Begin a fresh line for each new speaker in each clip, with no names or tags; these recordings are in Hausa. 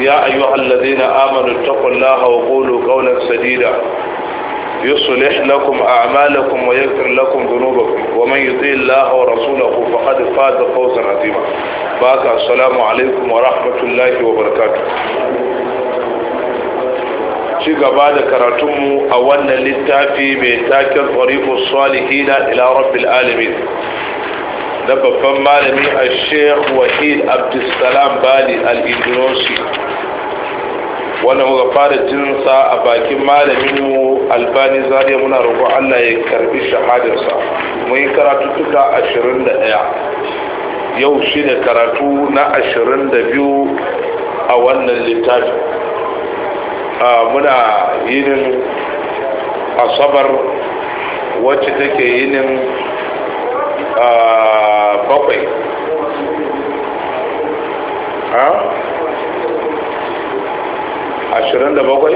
يا أيها الذين آمنوا اتقوا الله وقولوا قولا سديدا يصلح لكم أعمالكم ويغفر لكم ذنوبكم ومن يطيع الله ورسوله فقد فاز فوزا عظيما باك السلام عليكم ورحمة الله وبركاته ci gaba كراتم أولا للتافي wannan littafi الصالحين إلى رب العالمين na babban malami a sheikh wahid abdulsalam bali al wanda muka fara jinsa a bakin malaminmu albani zariya muna roƙon allah ya karbi shahadarsa mun yi karatu da 21 yau shi da karatu na 22 a wannan littafi muna yinin asabar wacce take yinin Ah, bakwai ha? ashirin da bakwai?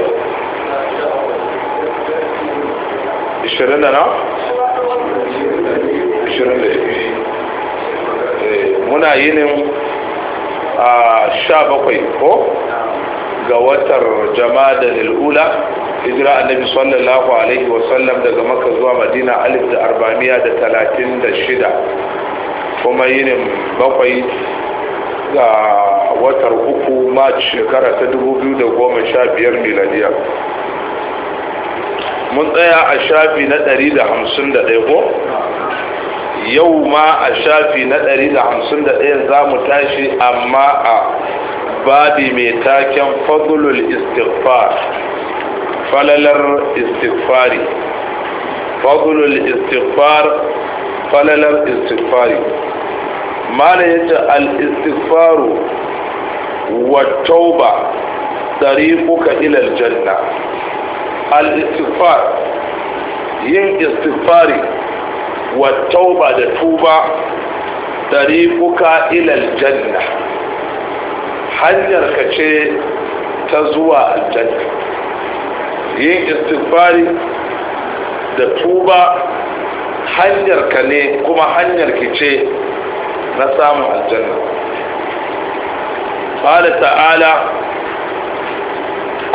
ashirin da na? ashirin da eh, muna yinin a ah, sha bakwai ko ga watar jama'a da lil'ula hijira annabi sallallahu alaihi wasallam daga maka zuwa madina alif da arba'amiya da talatin da shida kuma yinin bakwai ga watar uku march shekara ta dubu biyu da goma sha biyar miladiya mun tsaya a shafi na ɗari da hamsin da ɗaya ko yau ma a shafi na ɗari da hamsin da ɗaya za mu tashi amma a babi mai taken fadlul istighfar falalar istighfari fadlul istighfar falalar istighfari mala yace al istighfaru wa tauba tariquka ila al janna al istighfar yin istighfari wa tauba da tuba tariquka ila al janna hanyar ka ce ta zuwa aljanna yin istifari da tuba hanyar ka kuma hanyar kice ce na samun aljanna ƙwada ta'ala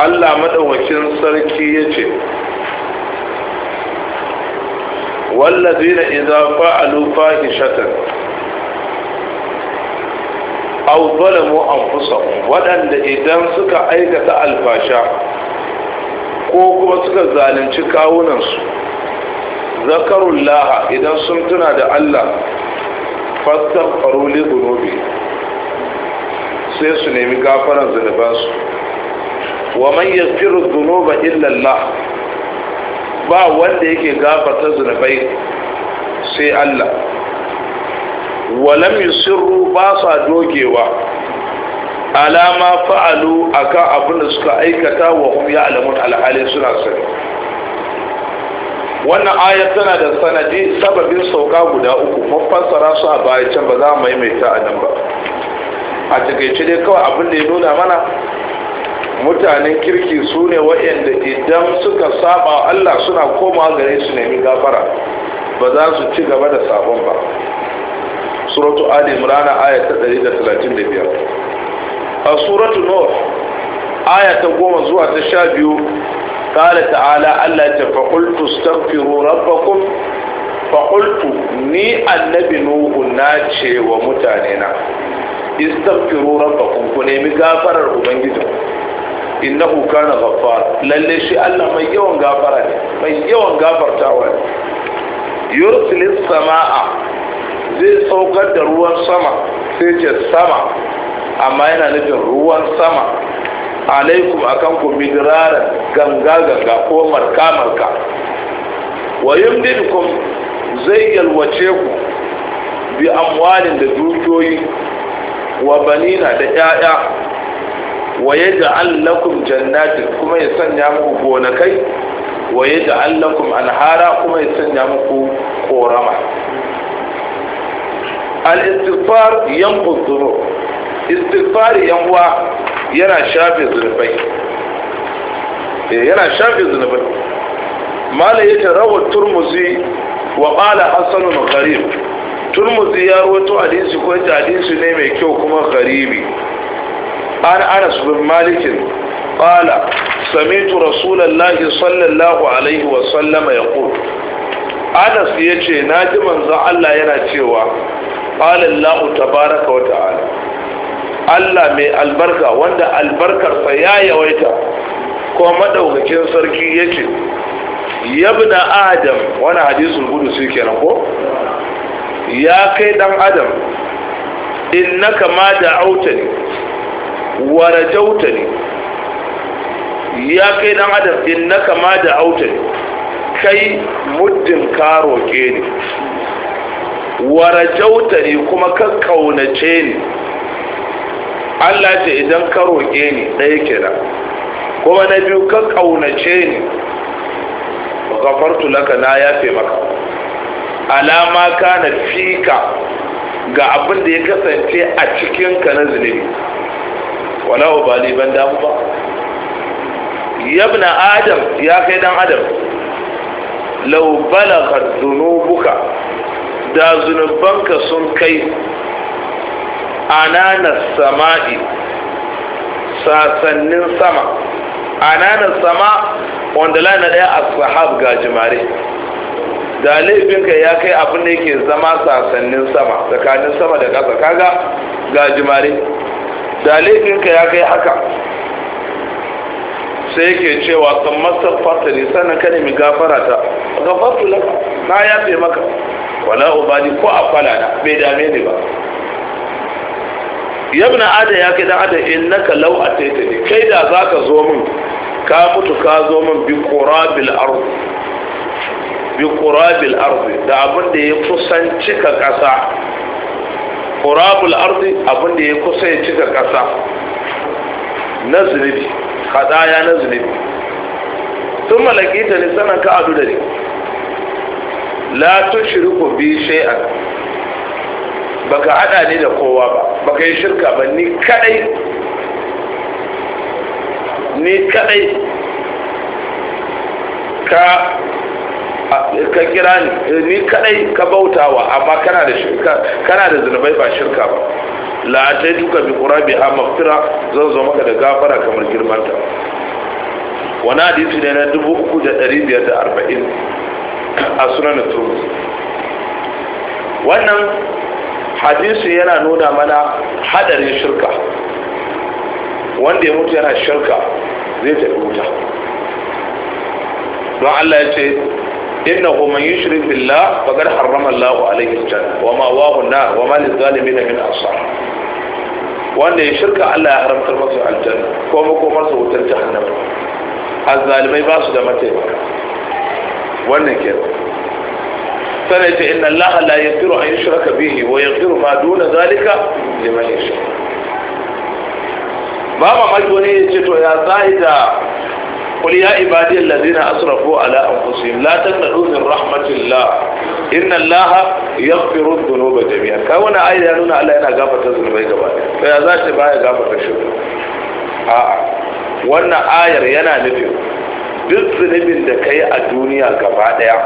allah maɗaukakin sarki ya ce wallazi na izafa alufa ishatan auzalamu an fusa waɗanda idan suka aikata alfasha ko kuma suka zalunci kawunansu zakarullaha idan sun tuna da allah fastaghfaru li dhunubi sai su nemi gafaran zunubansu wa man yaghfiru dhunuba illa allah ba wanda yake gafarta zunubai sai allah walam yusirru ba sa dogewa alama fa'alu akan abin da suka aikata wa hum ya'lamun alhali suna sani wannan aya tana da sanadi sababin sauka guda uku mun fassara su a baya can ba za mu maimaita a nan ba a takaice dai kawai abin da ya nuna mana mutanen kirki su ne waɗanda idan suka saba Allah suna koma gare su nemi gafara ba za su ci gaba da sabon ba suratu ali imran aya ta 135 a suratu nur aya ta goma zuwa ta sha biyu قال تعالى ألا فقلت استغفروا ربكم فقلت ني النبي نوح ناتشي ومتانينا استغفروا ربكم كنيمي غافر أبنجدكم innahu kana ghaffar lalle shi Allah mai yawan gafara ne mai yawan gafartawa ne yursilis samaa zai saukar da ruwan sama sai ce sama amma yana nufin ruwan sama alaikum akan ku midrara ganga ganga ko marka marka wa yumdidukum zai yalwace ku bi amwalin da dukiyoyi wa banina da 'ya'ya wa yaj'al lakum jannatin kuma ya sanya muku gonakai wa yaj'al lakum anhara kuma ya sanya muku korama al-istighfar yanqudh istighfari yan uwa yana shafe zunubai eh, yana shafe zunubai mala yake rawa turmuzi wa qala hasanun qarib turmuzi ya rawato hadisi ko hadisi ne mai kyau kuma qaribi an su bin malikin qala sami'tu rasulullahi sallallahu alaihi wa sallama yaqul anas yace ji manzan Allah yana cewa qala allah tabaaraka wa ta'ala Allah mai albarka wanda albarkarsa ya yawaita ko madaukakin sarki ya ce yabna adam wani hadisul gudu su ke ko ya kai dan adam innaka ma da'autani wa ne. ya kai dan adam innaka ma ne. kai muddin ka ke ni wa ne kuma ka kaunace ni Allah ce idan ka roƙe ni ɗaya kenan kuma na biyu ka ƙaunace ni gafartu laka na yafe maka alama ka na fika ga abin da ya kasance a cikinka na zunubi wala bali ban damu ba yabna adam ya kai dan adam lau balaghat dhunubuka da zunubanka sun kai ananas sama'i sasannin sama ananas sama wanda lana daya a sahab ga jimare da laifinka ya kai abin da yake zama sasannin sama tsakanin sama da ƙasa kaga ga jimare da laifinka ya kai haka sai yake cewa san masar fatali sannan ka nemi gafara ta gafartu laka na yafe maka wala ubadi ko a falana bai dame ni ba yabna ada ya kai dan adam innaka law ataita ni kai da zaka zo min ka mutu ka zo min bi qurabil ard bi qurabil ard da abin da ya kusanci ka kasa qurabul ard abin da ya kusan cika kasa na zunubi hadaya na zunubi sun malakita ne sanan ka adu da ni la tushriku bi shay'an baka hada ni da kowa ba baka yi shirka ba ni kadai ni kadai ka ka kira ni eh, ni kadai ka bautawa amma kana da shirka kana da zunubai ba shirka ba la ta duka bi qurabi ha mafira zan zo maka da gafara kamar girmanta wani hadisi ne na 3540 a sunan turu wannan hadisi yana nuna mana hadarin shirka wanda ya mutu yana shirka zai tafi wuta don Allah ya ce innahu man yushrik billah faqad harrama Allahu alayhi al-janna wa ma'wahu an-nar wa ma liz-zalimin min ansar wanda ya shirka Allah ya haramtar masu aljanna ko makomar sa wutar jahannama azzalimai ba su da mataimaka wannan kenan sanai ta inna allaha la yaghfiru an yushraka bihi wa yaghfiru ma duna zalika liman yasha ba ma mai wani ya ce to ya zai da قل يا عبادي الذين أسرفوا على أنفسهم لا تنقلوا من رحمة الله إن الله يغفر الذنوب جميعا كونا آية يقولون ألا أنا To ya جميعا ba ya باية غافة الشكر wannan ayar yana nufin duk zunubin da ka yi a duniya gaba daya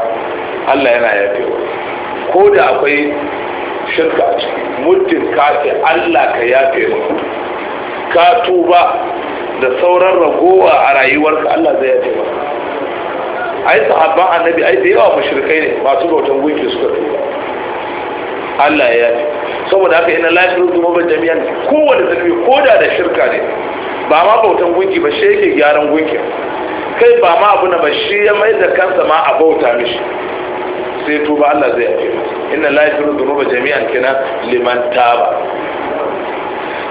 Allah yana wa ko da akwai shirka a ciki muddin ka ce Allah ka yafe mu ka tuba da sauran ragowa a rayuwarka Allah zai yafe maka ai sahabban annabi ai da yawa mushrikai ne masu bautan gunki suka tuba Allah ya yafe saboda haka ina lafiyar mabar jami'an kowane zunubi ko da da shirka ne ba ma bautan gunki ba shi yake gyaran gunkin kai ba ma abu na ba shi ya mai da kansa ma a bauta mishi sai tuba Allah zai yafe inna la yaghfiru dhunuba jami'an kina liman taba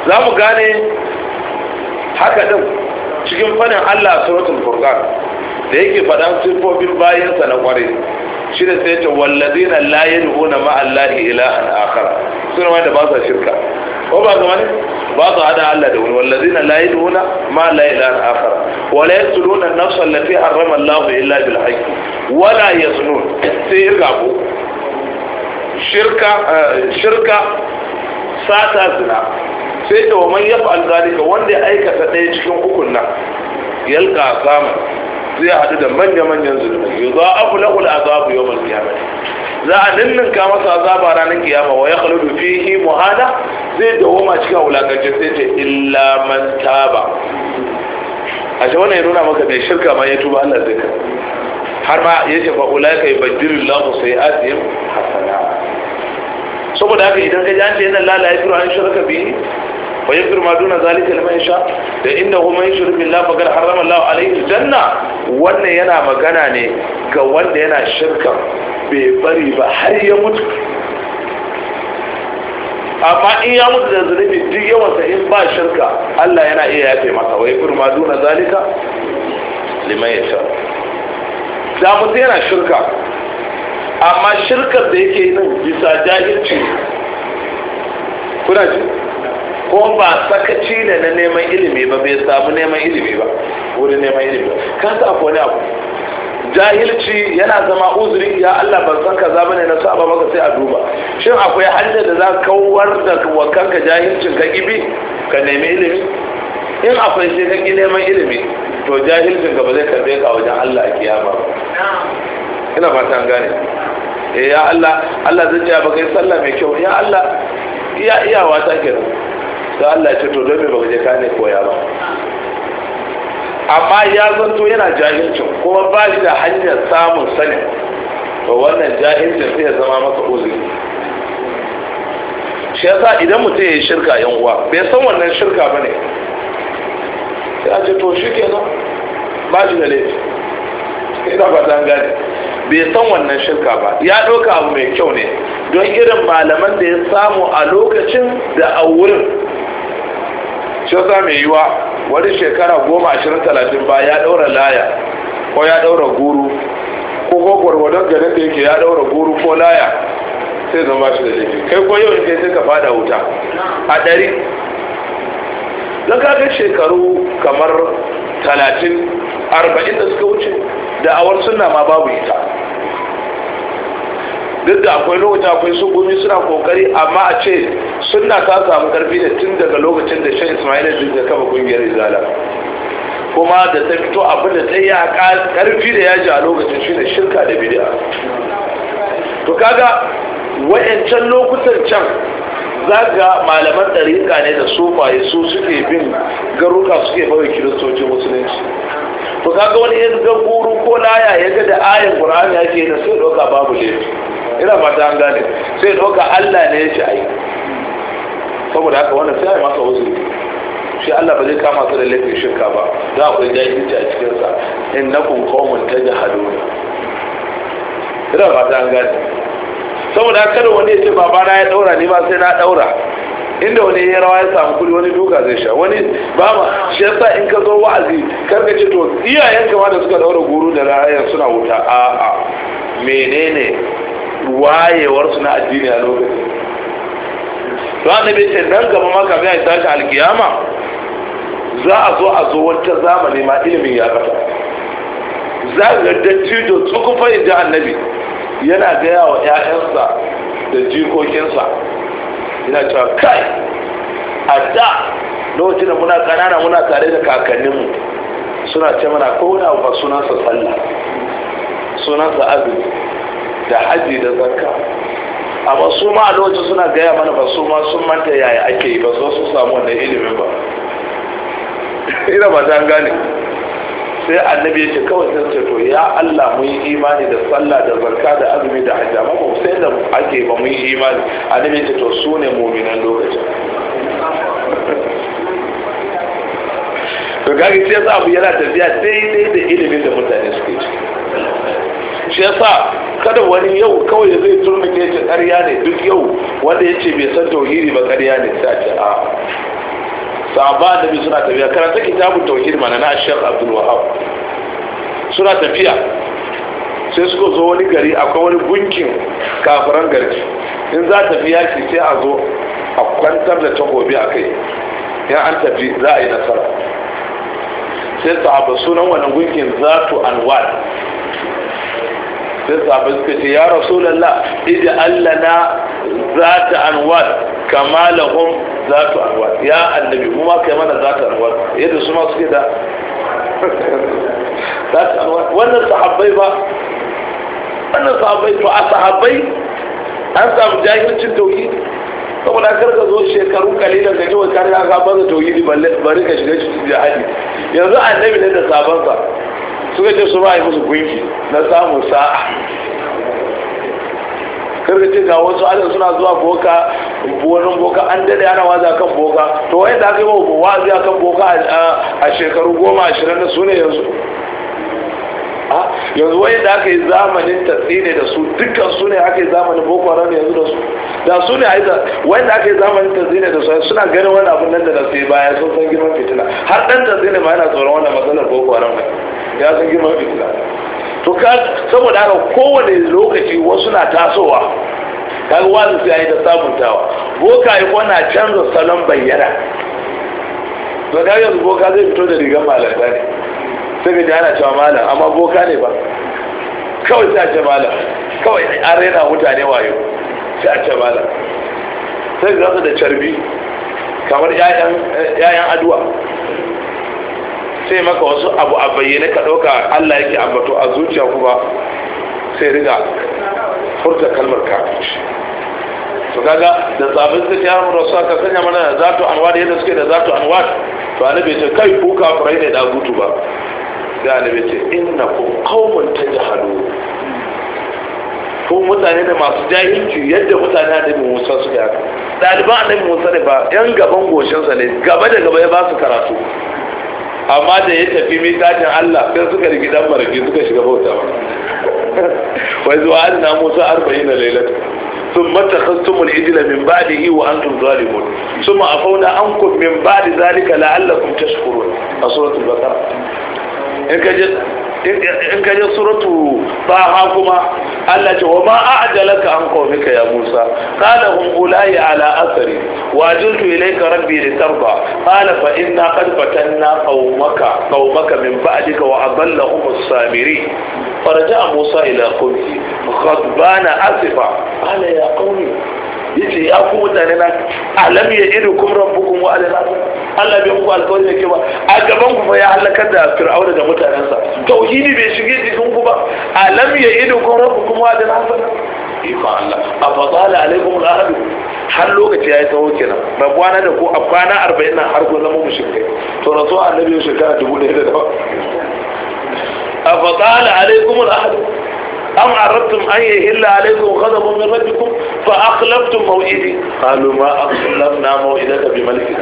za mu gane haka din cikin fadin Allah suratul furqan da yake fadan sifofin bayansa na kware shi da sai ta wallazina la yad'una ma'allahi ilahan akhar suna wanda ba sa shirka وبعضهم بعض هذا على دون والذين لا يدون ما لا يدان آخر ولا يسلون النفس التي حرم الله إلا بالحق ولا يزنون سيرقبوا شركة آه، شركة ساتا زنا سيت ومن يفعل ذلك وان دي ايكا ستيجكم اكنا يلقى عقاما زي حدد من يمن ينزل يضاعف له العذاب يوم القيامة za a ninninka masa azaba ranar kiyama wa ya khaludu fihi muhada zai dawoma cikin wulakance sai ce illa man taba a shi wannan ya nuna maka mai shirka ma ya tuba Allah zai har ma ya ce fa ulaika yubaddilu Allahu sayi'atihim hasana saboda haka idan ka ji an ce yana lalaye turu an shirka bi wa yaghfiru ma duna zalika liman yasha da innahu man yushrik billahi faqad harrama Allahu alayhi janna wannan yana magana ne ga wanda yana shirka bai bari ba har ya mutu amma in ya mutu da zunubi duk yawansa in ba shirka Allah yana iya yafe masa wai kurma duna zalika liman yasha da mutu yana shirka amma shirkar da yake nan bisa jahilci kuna ji ko ba sakaci da na neman ilimi ba bai samu neman ilimi ba wurin neman ilimi ba kan sa ne abu jahilci yana zama uzuri ya Allah ban san kaza bane na saba maka sai a duba shin akwai hanyar da za ka kawar da wakanka jahilcin ka gibi ka nemi ilimi in akwai sai ka ki neman ilimi to jahilcin ka ba zai karbe ka wajen Allah a kiyama ba ina fata an gane eh ya Allah Allah zai ce ba kai sallah mai kyau ya Allah iya iyawa ta kenan da Allah ce to don me baka je ka ne koya ba amma ya zanto yana jahilcin kuma ba shi da hanyar samun sani to wannan jahilcin sai ya zama masa uzuri shi yasa idan mutum ya yi shirka yan uwa bai san wannan shirka ba ne ya ce to shi kenan ba shi da laifi ina ba ta gane bai san wannan shirka ba ya ɗauka abu mai kyau ne don irin malaman da ya samu a lokacin da a wurin shi yasa mai yiwa wani shekara goma ashirin talatin ba ya ɗaura laya ko ya ɗaura guru ko ko gwargwadon gane da yake ya ɗaura guru ko laya sai zama shi da laifi kai ko yau in kai sai ka fada wuta a ɗari don kaga shekaru kamar talatin arba'in da suka wuce da awar-suna ma babu ita duk da akwai lokaci akwai sugomi suna kokari amma a ce suna ta samu karfi da tun daga lokacin da shan ismaila duk da kafa kungiyar izala kuma da ta fito abin da ta yi a karfi da yaji a lokacin shi ne shirka da bidiya to kaga wayancan lokutan can za ga malaman ɗariƙa ne da sufaye su suke bin garuka suke bawa kiristocin musulunci Ka kaga wani ya ga ko laya ya ga da ayin qur'ani yake da sai doka babu ne ina fata an gane sai doka Allah ne ya ci ai saboda haka wannan sai ai masa uzuri shi Allah ba zai kama su da laifin shirka ba za ku akwai yin a cikin sa innakum qaumun tajhalun ina fata an gane saboda kada wani ya ce babana ya daura ni ba sai na daura inda wani ya rawa ya samu kuɗi wani duka zai sha wani ba ma shi yasa in ka zo wa'azi kar ka ce to iyayen kama da suka daura guru da ra'ayar suna wuta a'a menene wayewar su na addini a lokacin to annabi ce nan gaba ma ga ita tashi alkiyama za a zo a zo wata zamani ma ilimin ya kasa za ga da tsukufa inda annabi yana gaya wa 'ya'yansa da jikokinsa ina cewa kai a da lokacin da muna kanana muna tare da kakanninmu suna ce mana wani abu ba sunansa sallah sunansa azumi da haji da zakka amma su ma a lokacin suna gaya mana ba su ma sun manta yaya ake yi ba su samu wannan ilimin ba ina ba ta gane sai annabi ya kawai sun ce to ya Allah mun yi imani da sallah da zarka da azumi da hajji amma ba sai da ake ba mun yi imani annabi ya to su ne mu'minan lokacin to gagi sai yasa abu yana tafiya daidai da ilimin da mutane suke ci shi yasa kada wani yau kawai zai turmi ke ce ƙarya ne duk yau wanda ya ce bai san tauhidi ba ƙarya ne sai a ce a sahaba bi suna tafiya karanta kitabun tauhid mana na shek abdul wahab suna tafiya sai suka zo wani gari akwai wani gunkin kafiran gari in za tafi yaki sai a zo a kwantar da takobi a kai ya an tafi za a yi nasara sai sahaba sunan wannan gunkin zatu anwar سيصابتك يا رسول الله اجعل لنا ذات انوات كما لهم ذات انوات يا النبي هما كمان ذات انوات يد السماء سكيدا ذات انوات وانا صحابي با انا صحابي فا صحابي انت ام جاي من جد وكي طب انا كرت ازول شير كارون قليلا كي وكاري اغابا توهيدي بريك اشتري جاهدي يا ذا النبي لدى صحابان صحابان suka ce su ba yi musu gunki na samu sa'a karka ce ga wasu adam suna zuwa boka buwanin boka an dade ana a kan boka to wani da aka yi wa wazi kan boka a shekaru goma ashirin da su ne yanzu yanzu wai da aka yi zamanin tatsine da su dukkan su ne aka yi zamanin boko haram yanzu da su da su ne aiza wai da aka yi zamanin tatsine da su suna ganin wani abun nan da na sai baya sun san girman fitina har dan tatsine ma yana tsoron wannan matsalar boko haram ya san girman fitina to ka saboda haka kowane lokaci wasu na tasowa kaga wani sai da sabuntawa boka yi kona canza salon bayyana to kaga yanzu boka zai fito da rigar malanta ne sai da yana cewa malam amma boka ne ba kawai sai a ce malam kawai an rena mutane wayo sai a ce malam sai ga su da carbi kamar 'ya'yan aduwa sai maka wasu abu a bayyane ka ɗauka allah yake ambato a zuciya ku ba sai riga furta kalmar kafirci to kaga da tsabin ya haram rasu aka sanya mana da zato anwar yadda suke da zato anwar to bai ce kai ku kafirai ne da gutu ba sai annabi ce inna ku qaumun tajhalu ko mutane da masu jahilci yadda mutane annabi Musa suka haka a annabi Musa ne ba yan gaban goshinsa ne gaba da gaba ya ba su karatu amma da ya tafi mitatin Allah sai suka rigi dan maraki suka shiga bauta ba wai zuwa anna Musa 40 lailatu ثم اتخذتم العجل a fauna وانتم ظالمون ثم عفونا عنكم من بعد ذلك لعلكم تشكرون سوره البقره in ka je suratu taha kuma Allah ce wa ma a'jalaka an qawmika ya Musa qala hum ulai ala athari wa ajiltu ilayka rabbi litarda qala fa inna qad fatanna qawmaka qawmaka min ba'dika wa adallahum as-samiri فرجع موسى إلى قومه غضبان أسفا قال يا قومي yace ya ku mutane na alam ya idu kum rabbukum wa alal Allah bai ku alƙawari ne ke ba a gaban ku fa ya halaka da fir'auna da mutanensa tauhidi bai shige cikin ku ba alam ya idu kum rabbukum wa alana ikon Allah a fazala alaikum al'adu har lokaci ya yi tsawo kenan ba kwana da ko a kwana arba'in na har kun zama mushrike to rasu annabi ya shekara dubu da dawa a fazala alaikum al'adu am aradtum an yahilla alaykum ghadabun min rabbikum fa akhlaftum maw'idi qalu ma akhlafna maw'idaka bi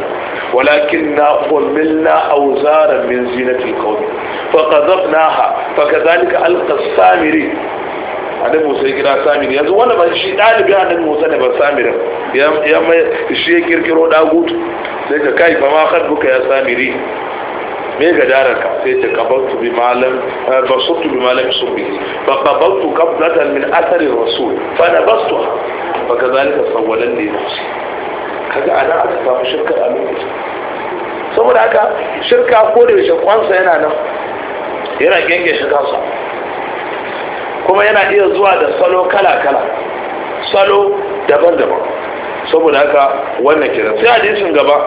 ولكننا حملنا أوزارا من زينة القوم فقذفناها فكذلك ألقى السامري annabi musa ya kira samiri yanzu wanda ba shi ɗalibi annabi musa ne ba samirin ya mai shi ya kirkiro dagutu sai ka kai ba ma kan duka ya samiri me ga ka sai ta kabatu bi malam eh, basurtu bi malam Ba fa qabaltu qablatan min athari rasul fa nabastuha fa kadhalika sawwalan li nafsi kaga ana aka samu shirka a lokacin saboda haka shirka ko da yaushe kwansa yana nan yana genge shi kansa kuma yana iya zuwa da salo kala-kala salo daban-daban saboda haka wannan kiran sai hadisin gaba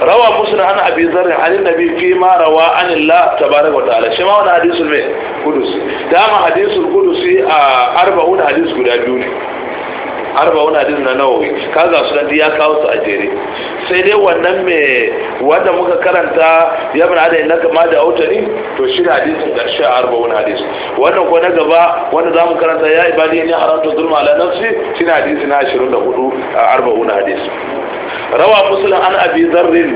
rawa مسلم عن ابي ذر عن النبي فيما ma rawa الله تبارك وتعالى شما ta'ala حديث ma wannan hadisul mai kudus dama hadisul kudusi a arba'un hadis guda biyu ne arba'un hadis na ya kawo a jere sai dai wannan me wanda muka karanta ya bin adai na kama da autari to shi da hadisin shi a arba'un hadisi wannan ko na gaba wanda zamu karanta ya ibadi ne haramta zulma ala nafsi shi da hadisi na 24 a arba'un hadisi rawa muslim an abi zarrin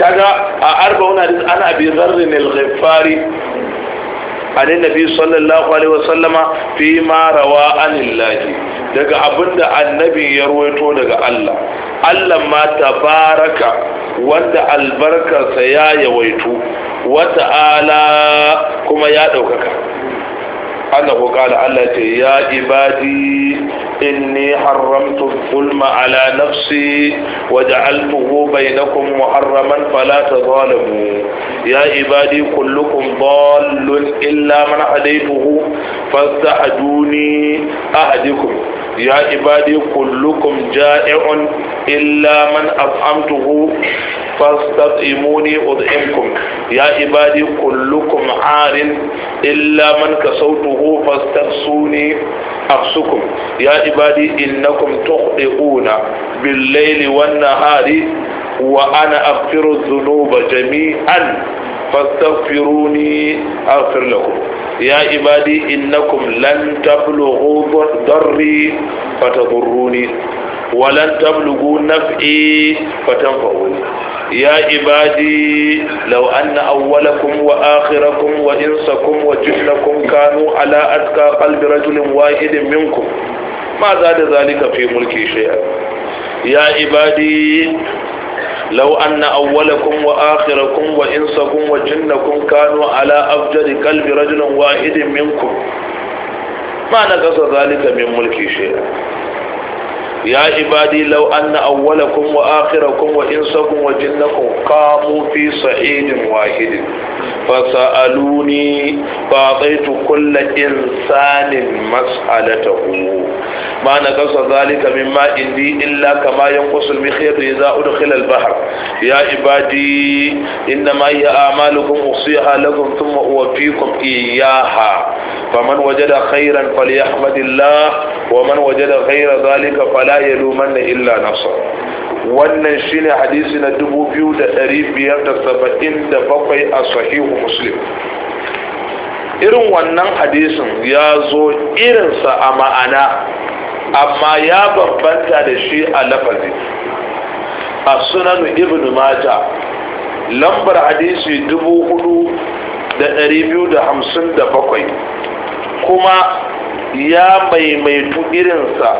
kaga a arba arba'una hadis an abi zarrin al-ghifari an nabi sallallahu alaihi wasallama fi ma rawa anillahi daga abinda annabi ya ruwaito daga Allah Allah ma tabaraka wanda albarkarsa ya yawaitu wa ta'ala kuma ya daukaka أنه قال الله يا عبادي إني حرمت الظلم على نفسي وجعلته بينكم محرما فلا تظالموا يا عبادي كلكم ضال إلا من هديته فاستحجوني أهدكم يا عبادي كلكم جائع إلا من أطعمته فاستطعموني أطعمكم يا عبادي كلكم عار إلا من كسوته فاستقصوني أقصكم يا عبادي إنكم تخطئون بالليل والنهار وأنا أغفر الذنوب جميعا فاستغفروني أغفر لكم يا عبادي إنكم لن تبلغوا ضري فتضروني ولن تبلغوا نفعي فتنفعوني يا عبادي لو أن أولكم وآخركم وإنسكم وجنكم كانوا على أتقى قلب رجل واحد منكم ما زاد ذلك في ملكي شيئا يا عبادي لو أن أولكم وآخركم وإنسكم وجنكم كانوا على أفجر قلب رجل واحد منكم ما نقص ذلك من ملكي شيئا يا عبادي لو أن أولكم وآخركم وإنسكم وجنكم قاموا في صعيد واحد فسألوني فأعطيت كل إنسان مسألته ما نقص ذلك مما عندي إلا كما ينقص المخيط إذا أدخل البحر يا عبادي إنما هي أعمالكم أحصيها لكم ثم أوفيكم إياها فمن وجد خيرا فليحمد الله ومن وجد غير ذلك فلا wala yalumanna illa nafsa wannan shine hadisi na 2577 a sahihu muslim irin wannan hadisin ya zo irinsa a ma'ana amma ya bambanta da shi a lafazi a sunan ibn mata lambar hadisi dubu hudu da dari biyu da hamsin da bakwai kuma ya maimaitu irinsa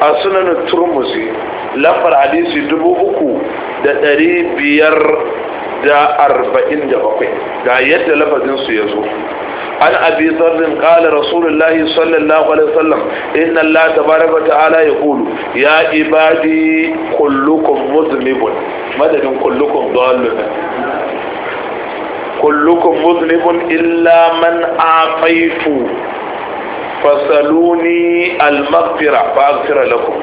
a sunan turmusi lafar hadisi dubu uku da ɗari biyar da arba'in da bakwai ga yadda lafazinsu ya zo an abi zarrin kala rasulullahi sallallahu alaihi wasallam inna allah tabaraka wa ta'ala ya kulu ya ibadi kullukum muzmibun illa man a afaitu فسلوني المغفرة فأغفر لكم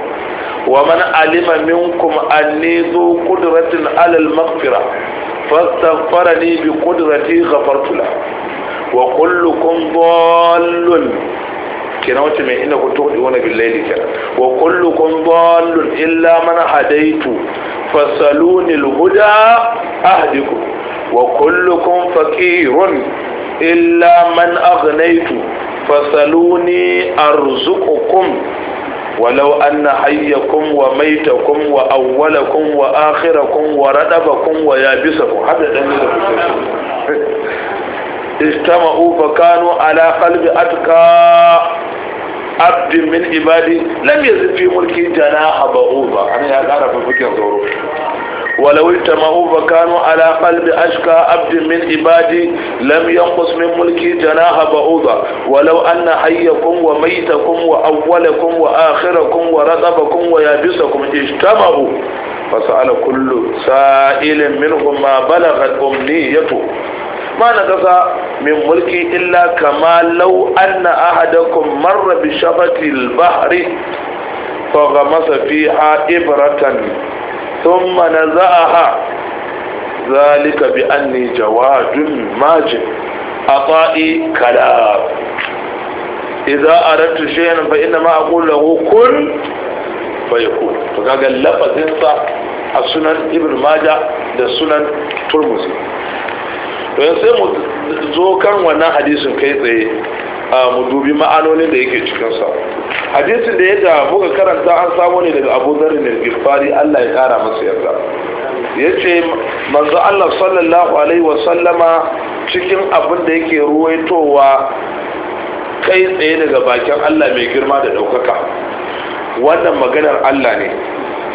ومن علم منكم أني ذو قدرة على المغفرة فاستغفرني بقدرتي غفرت له وكلكم ضال كنوت من إنك تؤذون بالليل كنا وكلكم ضال إلا من هديت فسلوني الهدى أهدكم وكلكم فقير إلا من أغنيت fasaluni arzuqukum walau anna hayyakum wa maitakum wa awwalakum wa akhirakum wa radabakum wa yabisakum hada dan da kuke istama'u fa kanu ala qalbi atqa عبد من عبادي لم يزد في ملكي جناح بعوضة يعني هذا عرف فكر ظروف ولو اجتمعوا فكانوا على قلب أشكى عبد من عبادي لم ينقص من ملكي جناح بعوضة ولو أن حيكم وميتكم وأولكم وآخركم ورقبكم ويابسكم اجتمعوا فسأل كل سائل منهم ما بلغت أمنيته ma na kasa min mulki illa kama lau anna ahadakum marra bi shafati al-bahri fa ghamasa fiha ibratan thumma naza'aha zalika bi anni jawadun majid ata'i kalam idza aradtu shay'an fa inna ma aqulu lahu kun fayakun to kaga lafazin sa a sunan ibn da sunan turmuzi to sai mu zo kan wannan hadisin kai tsaye mu dubi ma'anonin da yake cikinsa hadisin da ya da buga karanta an samu ne daga abu zarri da gifari allah ya kara masa yarda ya ce manzo allah sallallahu alaihi sallama cikin abin da yake ruwaitowa kai tsaye daga bakin allah mai girma da ɗaukaka wannan maganar allah ne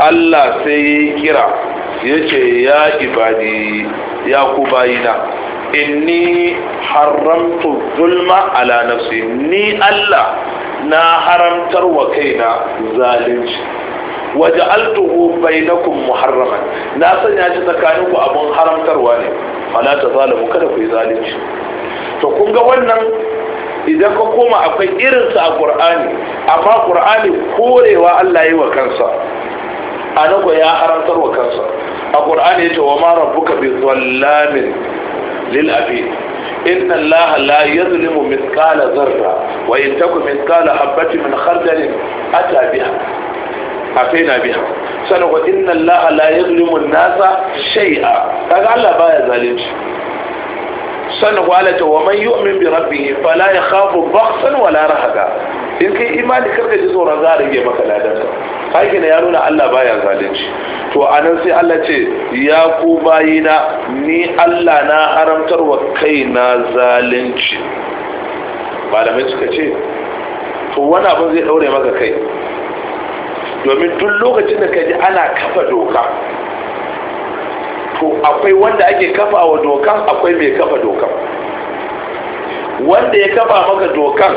allah sai ya yi kira yace ya ibadi ya ku bayina inni haramtu zulma ala nafsi ni Allah na haramtar wa kaina zalunci waja'altuhu bainakum muharraman na sanya shi tsakaninku abun haramtarwa ne fala ta zalimu kada ku yi zalunci to kun ga wannan idan ka koma akwai irinsa a ƙur'ani amma ƙur'ani korewa allah yi wa kansa a ya haramtar wa kansa القرآن ƙur'ani وما ربك بظلام ma إن الله لا يظلم مثقال ذرة وإن تكن مثقال حبة من خردل أتى بها أتينا بها سنقول إن الله لا يظلم الناس شيئا هذا الله باية ذلك سنقول ومن يؤمن بربه فلا يخاف بخسا ولا رهقا in kai imani karka ji tsoron za a rage maka ladanka haka ne ya nuna Allah baya zalunci to anan sai Allah ce ya ku bayina ni Allah na haramtar wa na zalunci malamai suka ce to wani abin zai daure maka kai domin tun lokacin da ka ji ana kafa doka to akwai wanda ake kafa wa dokan akwai mai kafa dokan wanda ya kafa maka dokan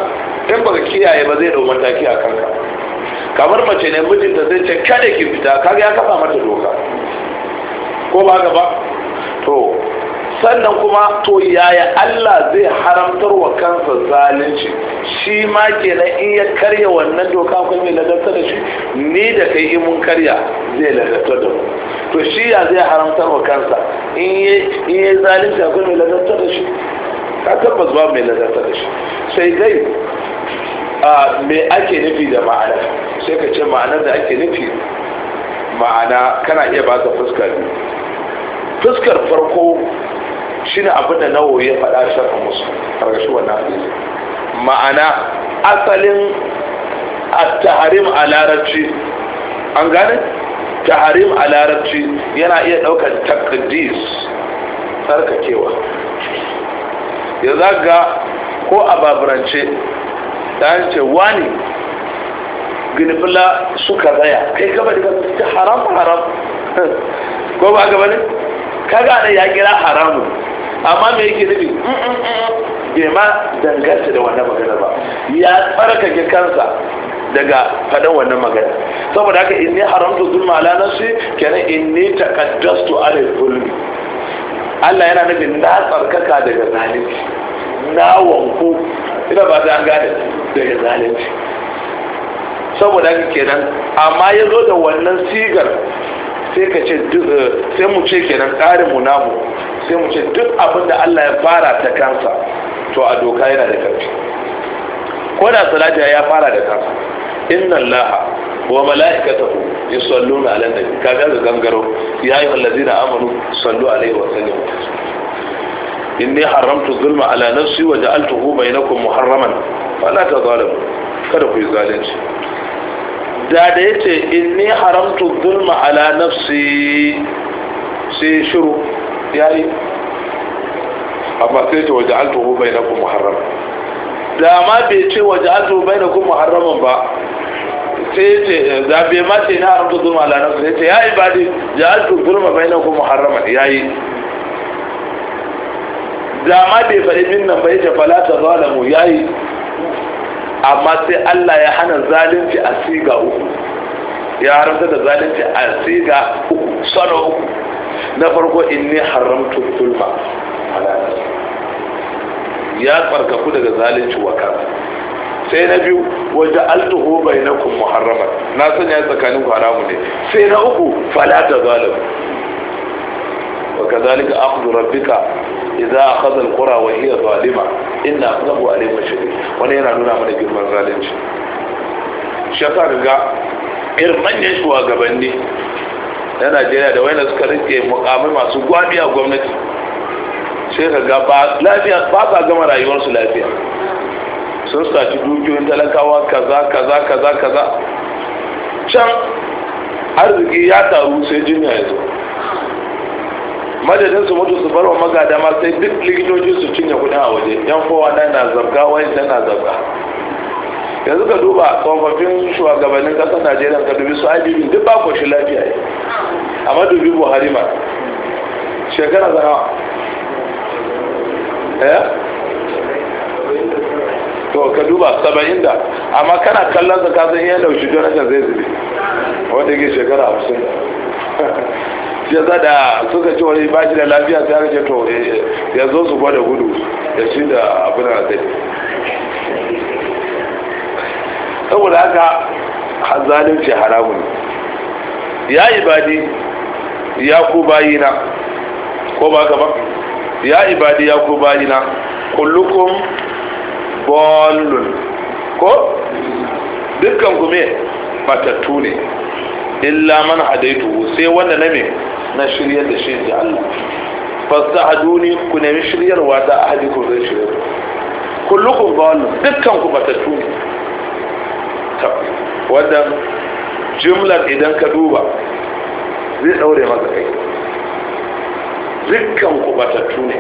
in ka kiyaye ba zai dau mataki a kanka kamar mace ne mijinta zai ce kada ki fita kaga ya kafa mata doka ko ba gaba to sannan kuma to yaya Allah zai haramtar wa kansa zalunci shi ma kenan in ya karya wannan doka kun mai ladarta da shi ni da kai in mun karya zai ladarta da mu to shi ya zai haramtar wa kansa in ya zalunci akwai mai ladarta da shi ka tabbas ba mai ladarta da shi sai dai me ake nufi da ma'ana sai ka ce ma'anar da ake nufi ma'ana kana iya ba ka fuskar fuskar farko shi ne abin da nawo ya faɗa shafin musu karkashi wannan hadisi ma'ana asalin a taharim a larabci an gane taharim a larabci yana iya ɗaukar takdis tsarkakewa ya zaga ko a baburance da ce wani ginifila suka zaya kai gaba da ta haram haram ko ba gaba ne Ka gada ya kira haramu amma me yake nufi bai ma danganta da wannan magana ba ya tsarkake kansa daga faɗin wannan magana saboda haka in haram haramtu zulma ala nafsi kenan inni taqaddastu ala zulmi Allah yana nufin na tsarkaka daga zalunci na wanku ina ba ta gane daga zalunci saboda haka kenan amma ya zo da wannan sigar sai ka ce eh, sai mu ce kenan tsarin mu namu sai mu ce duk abin da Allah ya fara ta kansa to a doka yana da karfi ko da salatiya ya fara da kansa inna allaha wa mala'ikatahu yusalluna ala nabi kaga ga gangaro ya ayyuhallazina amanu sallu alaihi wa sallimu inni haramtu zulma ala nafsi wa ja'altuhu bainakum muharraman fala tazalimu kada ku yi zalunci da da yace inni haramtu zulma ala nafsi sai shiru yayi amma sai ta wa ja'altuhu bainakum muharraman da ma bai ce wa ja'altuhu bainakum muharraman ba sai ce da bai ma ce na haramtu zulma ala nafsi sai ce ya ibadi ja'altu zulma bainakum muharraman yayi da ma bai faɗi min nan bai ce fala ta zalamu ya yi amma sai allah ya hana zalunci a siga uku ya haramta da zalunci a siga uku sano uku na farko inni haramtu zulma ya tsarkaku daga zalunci wa kansa sai na biyu wajen altuhu bai na kun muharramar na sanya tsakanin haramu ne sai na uku fala ta zalamu. وكذلك أخذ ربك إذا أخذ القرى وهي ظالمة إن أخذه عليم شديد wani yana nuna mana girman zalunci shi yasa ga irin manyan shugabanni na Najeriya da wayanda suka rike mukamai masu gwabi a gwamnati sai ka ga lafiya ba sa gama rayuwarsu lafiya sun saci dukiyoyin talakawa kaza kaza kaza kaza can arziki ya taru sai jinya ya zo madadin su mutu su bar wa magada ma sai duk likitoci su cinye kudin a waje yan kowa nan na zabga wani nan na zabga yanzu ka duba tsofaffin shugabannin kasar najeriya ka dubi su aibibi duk ba shi lafiya ne amma dubi buhari ma shekara zanawa ɗaya eh? to ka duba saba'in da amma kana kallon sa kasan iya laushi jonathan zai zube wanda yake shekara hamsin ya zada suka ce wani ba shi da lafiya sai aka ce to eh, eh, ya zo su gwada gudu da shi da abin da zai saboda haka ce haramun ya ibadi ya ku bayi na ko ba ka ba ya ibadi ya ku bayi na kullukun bollun ko dukkan ku me batattu ne illa man hadaitu sai wanda na me na shiryar da shi da Allah fastahaduni ku nemi shiryarwa da ahadikum zai shiryar kullukum dhalun dukkan ku batattu ne wannan jumlar idan ka duba zai daure maka kai dukkan ku batattu ne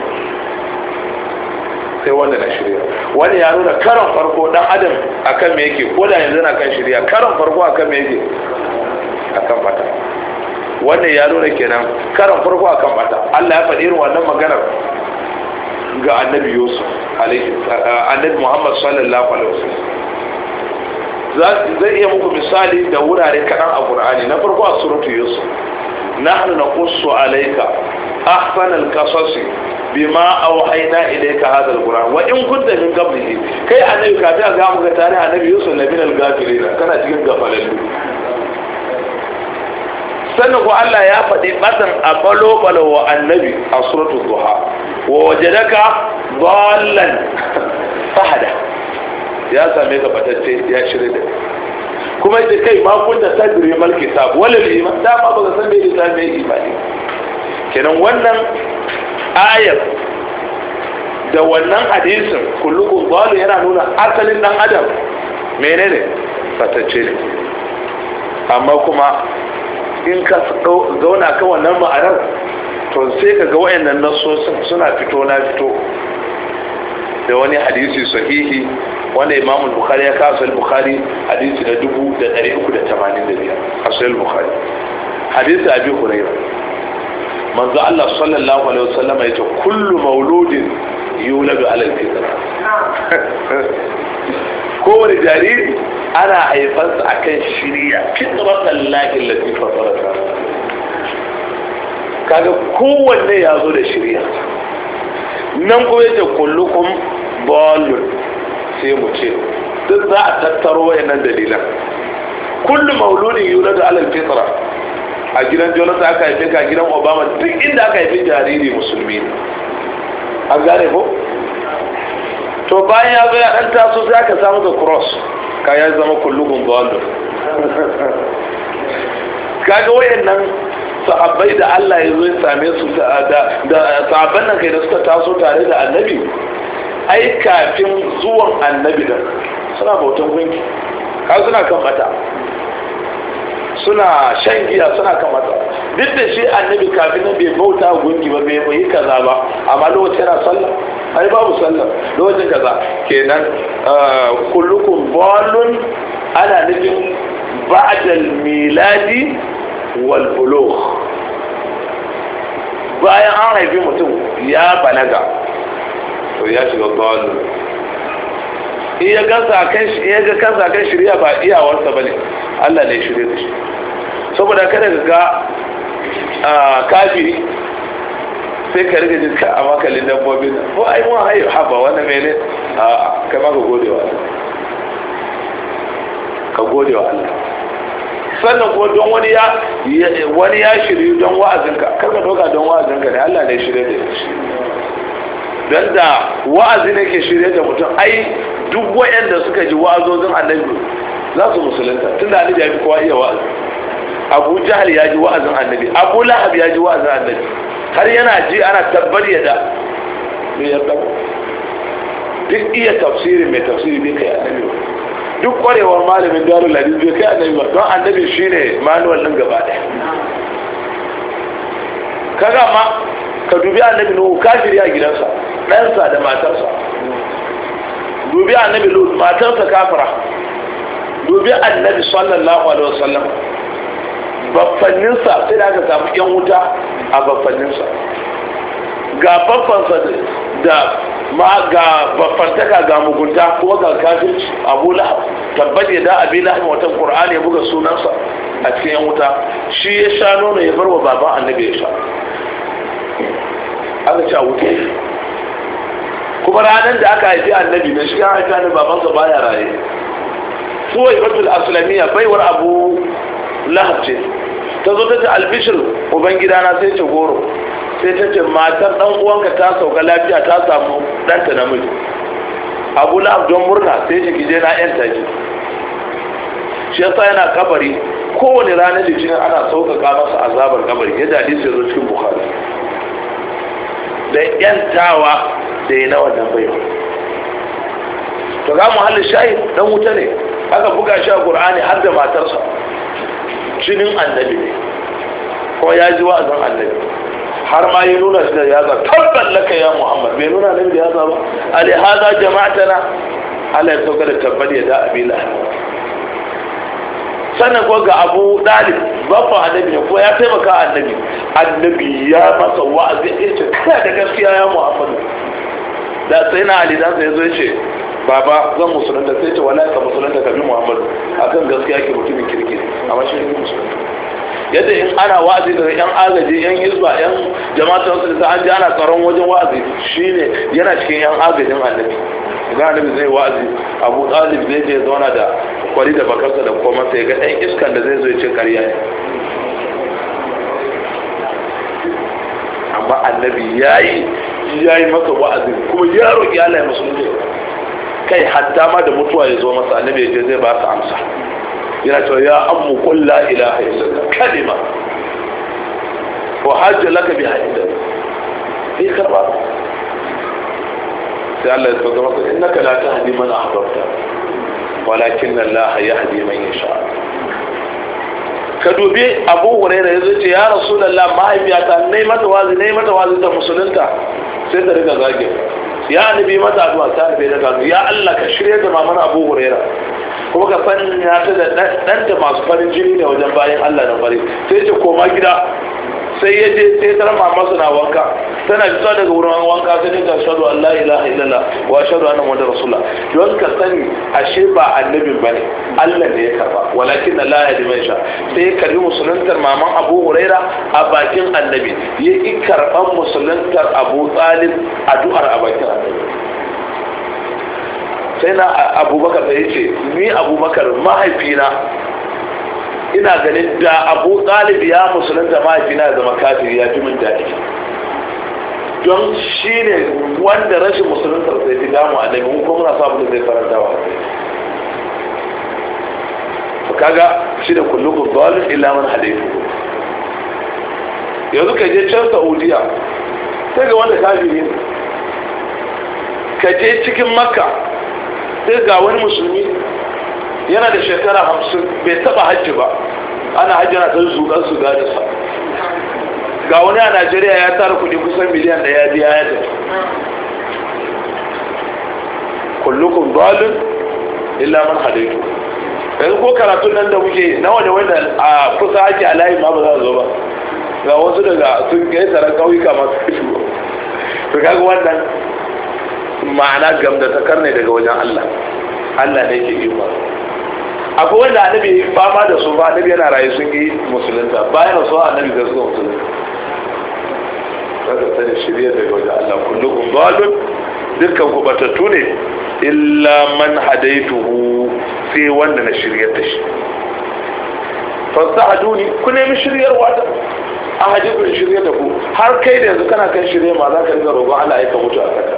sai wanda na shirya wani ya nuna karan farko dan adam akan me yake ko da yanzu na kan shirya karan farko akan me yake a kan bata wannan ya nuna kenan karan farko akan bata Allah ya faɗi irin wannan maganar ga annabi Yusuf eh, annabi Muhammad sallallahu alaihi wasallam zai iya muku misali da wurare kaɗan a Qur'ani na farko a suratu Yusuf nahnu naqussu alayka ahsana al-qasas bima awhayna ilayka hadha al-quran wa in kunta min qablihi kai annabi ka ta ga mu ga tare annabi yusuf nabi al-gafirin kana cikin gafalallu sannan ko Allah ya faɗi matan a balo-balo wa annabi a suratul duha wa wajadaka dallan fahada ya same ka batacce ya shirya da kuma ita kai ma kunta tadri mal kitab wala al iman da ma ka san me da yi imani kenan wannan ayar da wannan hadisin kullum dalu yana nuna asalin dan adam menene batacce ne amma kuma in ka zauna kan wannan ma'anar to sai ka ga wayannan nasosin suna fito na fito da wani hadisi sahihi wanda imamu bukhari ya kawo sahih bukhari hadisi na dubu da ɗari uku da tamanin da biyar a bukhari hadisi abi huraira manzo allah sallallahu alaihi wasallam ya ce kullu mauludin yuladu alal fitra kowane jariri ana haifansa a kan shirya fitratan lahin latifar farata kaga kowanne ya zo da shirya nan kuma yake kullukun bolin sai mu ce duk za a tattaro nan dalilan kullum mauludin yi wadda alal fitra a gidan jonathan aka haife ka gidan obama duk inda aka haife jariri musulmi ne an gane ko to bayan ya zo ya dan taso sai aka samu da cross ka ya zama kullugun ka ga wayannan sahabbai da Allah ya zo ya same su da sahabban nan kai da suka taso tare da annabi ai kafin zuwan annabi da suna bautan gunki ka suna kan mata suna shan giya suna kamata duk da shi annabi kafin bai bauta gungi ba bai yi kaza ba amma lokacin yana sallah ai babu sallah lokacin kaza kenan ah, kullukum balun ana nufin ba'dal miladi wal bulugh bayan an haifi mutum ya balaga to ya shiga balun iya ya gansa kan ya ga kansa kan shirya ba iyawarsa bane Allah ne shirye da shi saboda kada ka ga kafiri sai ka rika jinka a makalin dabbobi ko ai mun hayo haba mai ne a kai ma ka gode wa Allah ka gode wa Allah sannan ko don wani ya wani ya shirye don wa'azinka kar ka doka don wa'azinka ne Allah ne shirye da shi don da wa'azi ne ke shirya da mutum ai duk wa'anda suka ji wa'azozin annabi za su musulunta tun da annabi ya fi kowa iya wa'azi abu jahal ya ji wa'azin annabi abu lahab ya ji wa'azin annabi har yana ji ana tabbar ya da mai yarda duk iya tafsiri mai tafsiri bai kai annabi ba duk kwarewar malamin darul ladin bai kai annabi ba don annabi shine manuwal din gaba daya kaga ma ka dubi annabi nuhu kafiri a gidansa ɗansa da matarsa dubi annabi lut matarsa kafara dubi annabi sallallahu alaihi wasallam baffanninsa sai da aka samu yan wuta a baffanninsa ga baffansa da ma ga baffantaka ga mugunta ko ga kafirci abu lahab tabbaje da abi lahab wata qur'ani ya buga sunansa a cikin yan wuta shi ya sha nono ya bar wa baban annabi ya sha aka ce a wuta kuma ranar da aka haifi annabi mai shiga haifi annabi babansa baya raye suwai batul aslamiya baiwar abu lahab ce ta zo ta ce albishir na sai ce goro sai ta ce matar dan uwanka ta sauka lafiya ta samu ɗanta namiji abu lahab don murna sai ce gije na yan taki shi sa yana kabari kowane ranar da litinin ana sauƙaƙa masa azabar kabari yadda hadisi ya zo cikin bukhari da yantawa da ya na wannan baiwa to ga muhalli shahid dan wuta ne aka buga shi a qur'ani har da matarsa jinin annabi ne ko ya ji wa'azin annabi har ma ya nuna shi da yaza tabbat laka ya muhammad bai nuna nan da yaza ba ali hada jama'atana Allah ya sauka da ya da abin lahab sannan ko ga abu dalib bafa annabi ne ko ya taimaka annabi annabi ya masa wa'azi ya ce kada da gaskiya ya muhammad da sai na ali dan sai zo ce baba zan musulunta sai ce wallahi ka musulunta ka bi muhammadu akan gaskiya ke mutumin kirki amma shi ne musulunta yadda in ana wa'azi da yan agaji yan isba yan jama'a sun da an ji ana tsaron wajen wa'azi shine yana cikin yan agajin annabi idan annabi zai wa'azi abu talib zai je zauna da kwari da bakarsa da koma sai ga ɗan iskan da zai zo ya ce kariya ne amma annabi ya yi wa'azi ya yi masa wa'azi kuma ya roƙi Allah ya musulunci kai hatta ma da mutuwa ya zo masa annabi ya je zai ba sa amsa yana cewa ya ammu qul la ilaha illallah kalima wa hajja laka bi hajja sai karba sai Allah ya tsaka masa innaka la tahdi man ahbabta walakin Allah yahdi man yasha ka dubi abu huraira ya zai ce ya rasu lalla mahaifiyata na yi mata wazi na mata wazi ta musulunta sai ta riga zage ya annabi mata addu'a ta rufe da kanu ya Allah ka shirya da maman, Abu Huraira kuma ka sanya ta da ɗanta masu farin jini ne wajen bayan Allah na fari sai ta koma gida sai ya je sai ta rama masa na wanka tana fitowa daga wurin wanka sai ta shaɗu Allah ilaha illallah wa shaɗu annan wanda rasula don ka sani ashe ba annabi ba ne. Allah ne ya karba walakin Allah ya liman sha sai ya karbi musuluntar maman Abu Huraira a bakin annabi ya yi karban musuluntar Abu Talib a a bakin sai na abubakar da ya ce ni abubakar mahaifina ina ganin da abu ɗalibi ya musulunta mahaifina zama kafiri ya fi min daɗi don shi ne wanda rashin musulunta sai fi damu a daga kuma muna samun da zai faranta wa kaga shi da kullukun zalim illa man halittu. yanzu ka je can saudiya sai ga wanda kafiri ka je cikin makka sai ga wani musulmi yana da shekara hamsin bai taba hajji ba ana hajji na ɗan zuƙar su sa ga wani a najeriya ya tara kudi kusan miliyan da ya biya ya tafi kullukun balin illa man halittu yanzu ko karatu nan da muke nawa ne wanda a kusa ake a layi ma ba za a zo ba ga wasu daga sun gaisa tsaron ƙauyuka masu fito to kaga wannan ma'ana gamdatakar ne daga wajen Allah Allah ne ke girma akwai wanda annabi fama da su ba annabi yana rayu sun yi musulunta bayan rasu annabi da suka musulunta kada sani shirya daga wajen Allah kullukum dalil dukkan ku batattu ne illa man hadaituhu sai wanda na shiryar da shi fasahaduni ku nemi shiryarwa ta a hajjibin shirye da ku har kai da yanzu kana kan shirye ma za ka riga roƙon Allah ya ka mutu a kaka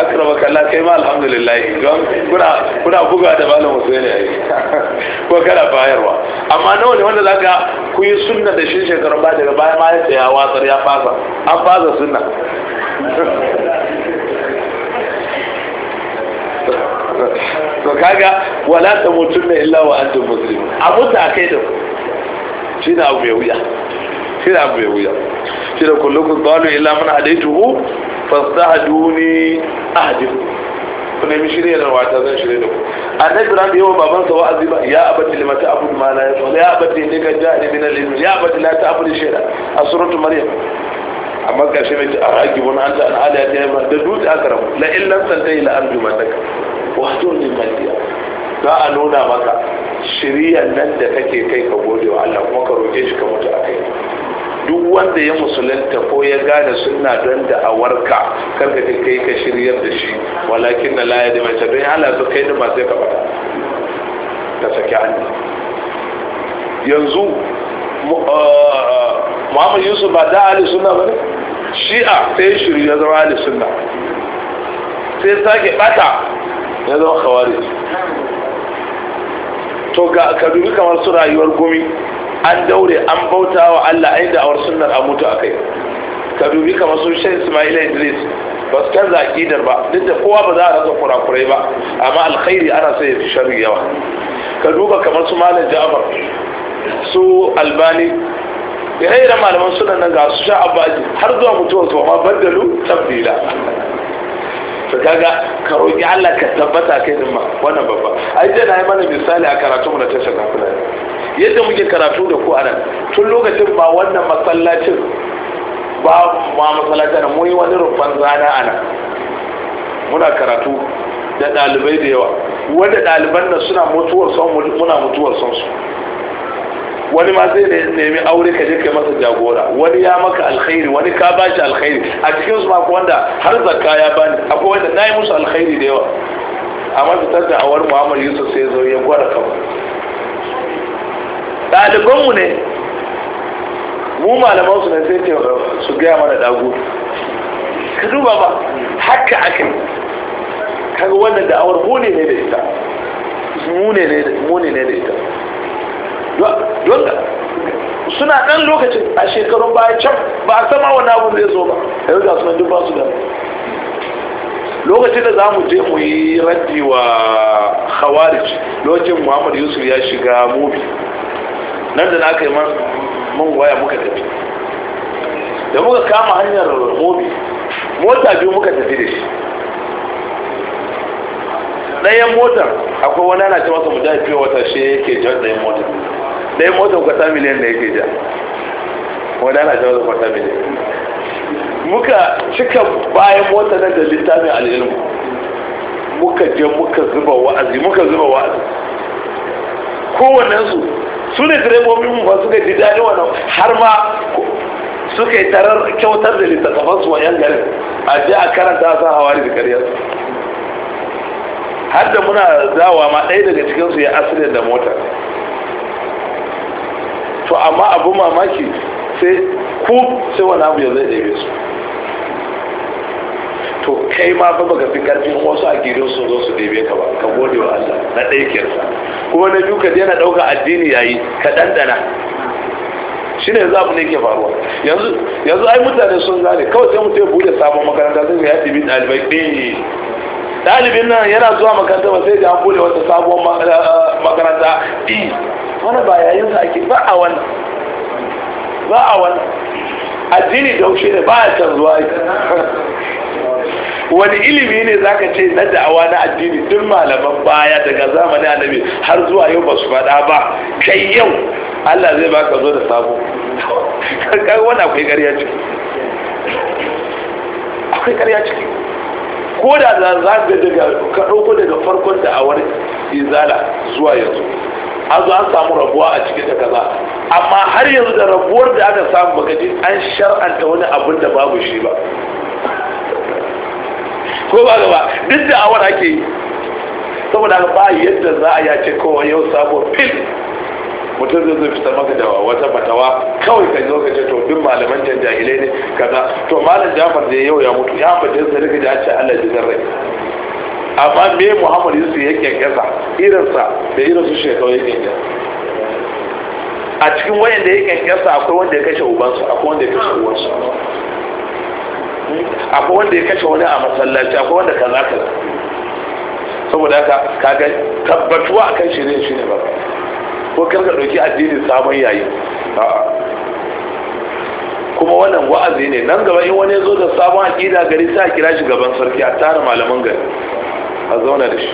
akrama kallah kai ma alhamdulillah don kuna kuna buga da malam Hussein ne ko kana bayarwa amma nawa ne wanda zaka ku yi sunna da shi shekarun ba daga baya ma ya tsaya watsar ya fasa an fasa sunna to kaga wala ne illa wa antum muslimun abuta kai da shi na abu mai wuya shi da abu ya wuya shi da kullukun zalu illa mana duni a hadin ku nemi shirye da wata zan shirye da ku annabi ran yawa baban sa wa'azi ba ya abati lima ta'budu ma la yasma ya abati ne ka ja'ani min al-ilm ya abati la ta'budu shay'a a suratu maryam amma karshe mai a ragi wani an ta an ala ta yamma da dutse aka rabu la illan santai la arju mataka wato ne maliya. za a nuna maka shiriyar nan da kake kai ka gode wa Allah kuma ka roƙe shi ka mutu a kai duk wanda ya musulunta ko ya gane suna don da a warka karka ta kai ka shiryar da shi walakin na laye da mace don hala su kai da masu ka bada ka saki hannu yanzu uh, uh, muhammad yusuf ba da ali suna ba ne shi'a sai shiri ya zama ali suna sai sake bata ya zama kawari to ga ka kamar su rayuwar gumi an daure an bauta wa Allah ai da awar sunnar a mutu a kai ka dubi kamar su shan Ismaila Idris ba su canza akidar ba duk da kowa ba za a rasa kurakurai ba amma alkhairi ana sai fi sharri yawa ka duba kamar su malam Ja'far su Albani ire-iren malaman sunan nan ga su sha abaji har zuwa mutuwar su ma baddalu tabbila ta kaga ka roƙi Allah ka tabbata kai din ma wannan babba ai da na yi mana misali a karatu mu na tashar kafin yadda muke karatu da ku anan tun lokacin ba wannan masallacin ba ma masallacin mu yi wani rufan zana anan muna karatu da ɗalibai da yawa wanda ɗaliban nan suna mutuwar son muna mutuwar son su wani ma zai nemi aure ka je kai masa jagora wani ya maka alkhairi wani ka ba shi alkhairi a cikin su mako wanda har zakka ya bani akwai wanda na yi musu alkhairi da yawa amma fitar da awar muhammad yusuf sai zo ya gwada kawai ɗalibanmu ne mu malaman su ne sai ce su gaya mana dago ka duba ba haka aka yi kaga wannan da'awar mu ne ne da ita mu ne ne da ita don suna ɗan lokacin a shekarun baya can ba a sama wani abu zai zo ba a yi ga sunan duk ba su da lokacin da za mu je mu yi raddi wa khawarij lokacin muhammad yusuf ya shiga mubi nan da na kai man waya muka tafi da muka kama hanyar mobi mota biyu muka tafi da shi ɗayan motar akwai wani ana ce masa mujahid fiye wata shi yake jan ɗayan motar ɗayan motar kwata miliyan da yake ja wani ana ce masa kwata miliyan muka cika bayan motar nan da littafin al'ilmu muka je muka zuba wa'azi muka zuba wa'azi kowannensu su ne direbobin mu ba suka ji daɗi wannan har ma suka yi tarar kyautar da littattafan su wayan garin a je a karanta a san hawa da kariyar har da muna dawa ma ɗaya daga cikin su ya asire da mota. to amma abu mamaki sai ku sai wani abu ya zai ɗebe su to kai ma ba baka fi karfin wasu a gidan su zo su ɗebe ka ba ka gode wa Allah na ɗaya sa kuma na biyu ka daina ɗauka addini yayi ka dandana. shi ne zaɓi ne ke faruwa yanzu yanzu ai mutane sun gane kawai sai mutum ya buɗe sabon makaranta sai ya ɗibi dalibai eh. ɗin Dalibin nan yana zuwa makaranta ba sai da an buɗe wata sabon eh, makaranta ɗi eh. wani ba yayin sa ake ba a wannan ba a wannan addini da haushe ne ba a canzuwa wani ilimi ne zaka ce na da'awa na addini duk malaman baya daga zamani annabi har zuwa yau ba su faɗa ba kai yau Allah zai baka zo da sabo Kankan wani akwai ƙarya ciki akwai ƙarya ciki ko da za ka daga ka ɗauko daga farkon da'awar izala zuwa yanzu an zo an samu rabuwa a cikin ta kaza amma har yanzu da rabuwar da aka samu baka ji an shar'anta wani abin da babu shi ba ko ba gaba duk da awar ake yi saboda haka ba yadda za a yace kowa yau sabo fil mutum zai zai fitar maka da wata batawa. kawai ka zo ka ce to duk malaman jan jahilai ne kaza to malam jafar da yau ya mutu ya fata sai rika ji ce Allah ji rai amma me muhammad yusuf ya kyankyasa irinsa da irin su shekau ya kyankyasa a cikin wayan da ya kyankyasa akwai wanda ya kashe ubansa, akwai wanda ya kashe uwansu akwai wanda ya kashe wani a masallaci akwai wanda kaza kaza saboda haka kaga tabbatuwa akan shirin shi ne ba ko kar ka ɗauki addini sabon yayi kuma wannan wa'azi ne nan gaba in wani ya zo da sabon aƙida gari sai a kira shi gaban sarki a tara malaman gari a zauna da shi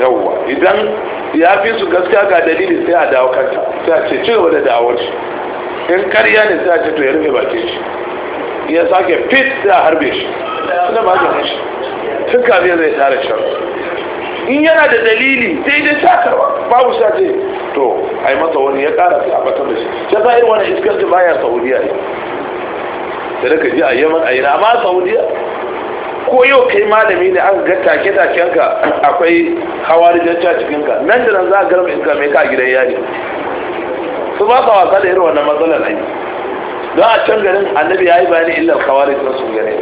yawwa idan ya fi su gaskiya ga dalili sai a dawo kanta sai a ce ci gaba da dawowar shi in karya ne sai a ce to ya rufe bakin shi ya sake fit sai a harbe shi suna da shi tun kafin zai tara can in yana da dalili dai takarwa babu sa ce to a yi masa wani ya kara sai a batar da shi shi ta irin wani iskanci baya saudiya ne da daga ji a yaman a yi na amma saudiya ko yau kai malami ne aka ga take-taken ka akwai hawa ta cikin ka nan da nan za a garma iska mai ka gidan yari su ba ka wasa da irin wannan matsalar ne don a can garin annabi ya yi bayani illar kawari da su gane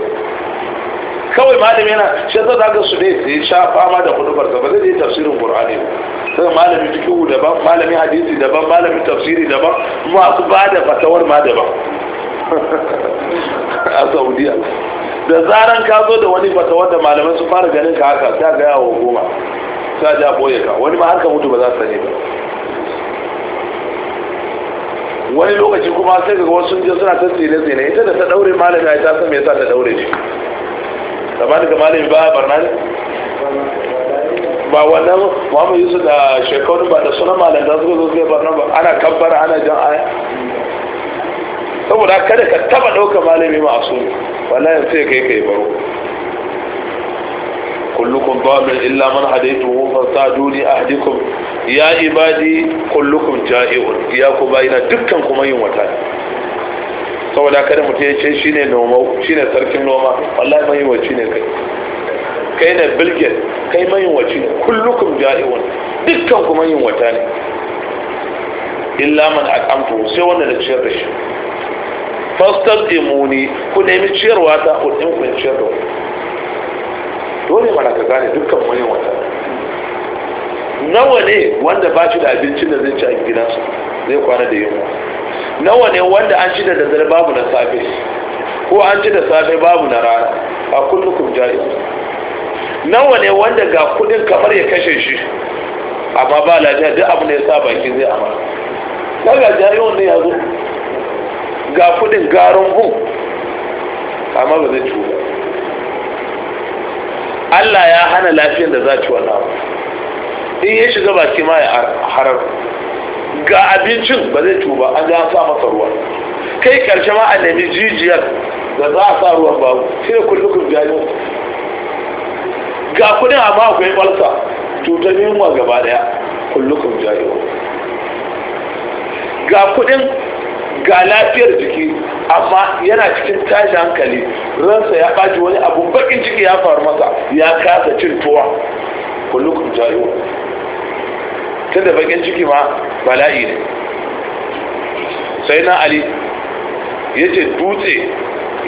kawai malami yana shi zai ga su ne sai sha fama da kudubar ba zai yi tafsirin qur'ani ba sai malami fiqhu daban malami hadisi daban malami tafsiri daban masu ba da fatawar ma daban a saudiya da zaran ka zo da wani bata wanda malamai su fara ganin ka haka ta gaya wa goma ta ja boye ka wani ma har ka mutu ba za su sani ba wani lokaci kuma sai ga wasu je suna ta tsire tsire ita da ta daure malami ai ta san me yasa ta daure shi. kamar da malami ba barna ne ba wannan mamu yusuf da shekaru ba da sunan malam da suka zo suka barna ba ana kabbara ana jan aya saboda kada ka taba ɗauka malami masu wallahi sai kai kai baro kullukum dalil illa man hadaytuhu fasaduni ahdikum ya ibadi kullukum ja'iun ya ku bayina dukkan kuma yin wata saboda kada mutum ya ce shine noma shine sarkin noma wallahi mai wace ne kai kai ne bilgin kai mai wace ne kullukum ja'iun dukkan kuma yin wata ne illa man aqamtu sai wanda da ciyar da shi fastal imuni ku nemi ciyarwa ta ku nemi ku ciyar da dole mana ka gane dukkan wani wata nawa ne wanda ba shi da abincin da zai ci a gidansa zai kwana da yunwa nawa ne wanda an ci da daddare babu na safe ko an ci da safe babu na rana a kullukum jari nawa ne wanda ga kudin kamar ya kashe shi amma ba lafiya duk abu ne ya sa baki zai amma kaga jari ne ya zo ga kudin garin hu amma ba zai ciwo Allah ya hana lafiyar da za ci wannan abu in ya shiga baki ma ya harar ga abincin ba zai ciwo ba an ga sa masa ruwa kai karshe ma a nemi jijiyar da za a sa ruwan babu shi ne kullum jami'in ga kudin amma akwai balsa cutar yunwa gaba daya kullukum jariwa ga kudin ga lafiyar jiki amma yana cikin tashi hankali ransa ya ɓaci wani abu bakin ciki ya faru masa ya kasa cin tuwa kullukum jayo tun da bakin ciki ma bala'i ne sai na ali ya ce dutse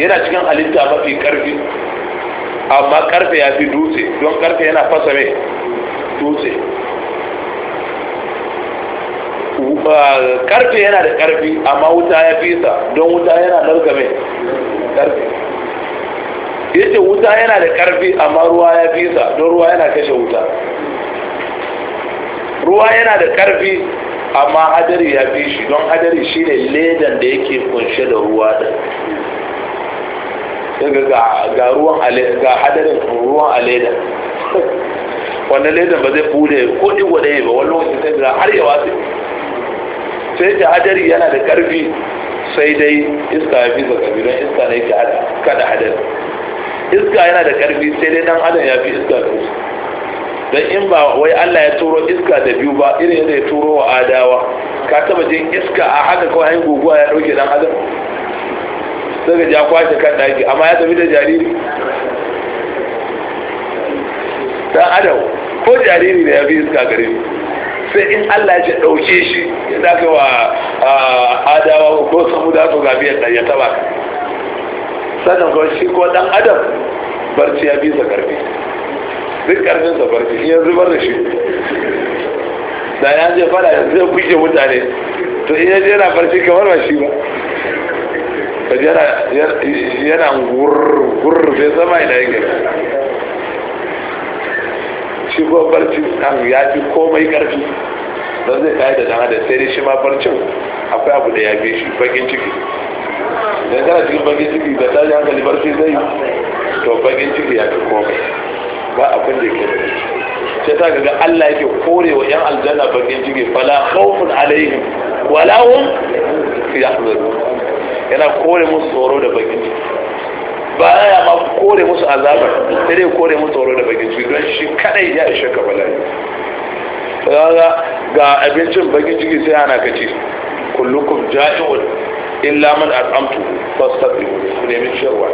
yana cikin halitta mafi karfi amma karfe ya fi dutse don karfe yana fasa mai dutse karfe yana da karfi amma wuta ya fi sa don wuta yana narka mai karfe yace wuta yana da karfi amma ruwa ya fi sa don ruwa yana kashe wuta ruwa yana da karfi amma hadari ya fi shi don hadari shi ne ledan da yake kunshe da ruwa da ga ruwan ga hadarin ruwan a ledan wannan ledan ba zai bude ko ɗin ɗaya ba wani lokacin sai ga har yawa sai sai ta hadari yana da karfi sai dai iska ya fi zaka don iska na yake kada hadari iska yana da karfi sai dai dan adam ya fi iska da su don in ba wai Allah ya turo iska da biyu ba irin yadda ya turo wa adawa ka taba jin iska a haka kawai guguwa ya dauke dan adam daga ja kwashe kan daki amma ya tafi da jariri dan adam ko jariri ne ya fi iska gare shi sai in Allah ya ɗauke shi da ka wa adawa ko samu da su gabi ya taba sannan ko shi ko dan adam barci ya bisa karfi duk karfin sa barci ya zubar da shi da ya je fara yanzu zai kuke mutane to in ya je yana barci kamar ba shi ba yana gurgur sai zama ina yake shi ko barcin nan ya fi komai karfi don zai tayar da dan da sai dai shi ma barcin akwai abu da ya fi shi bakin ciki idan kana cikin bakin ciki da tashi hankali barci zai to bakin ciki ya fi komai ba abin da ke da sai ta ga Allah yake kore wa 'yan aljanna bakin ciki fala khawfun alaihim wala hum yahzanun yana kore musu tsoro da bakin ciki ba ya ma kore musu azabar sai dai kore musu tsoro da bakin ciki don shi kadai ya ishe ka bala'i kaga ga abincin bakin ciki sai ana ka ci kullukum ja'i'un illa man at'amtu fastabiru ku nemi ciyarwa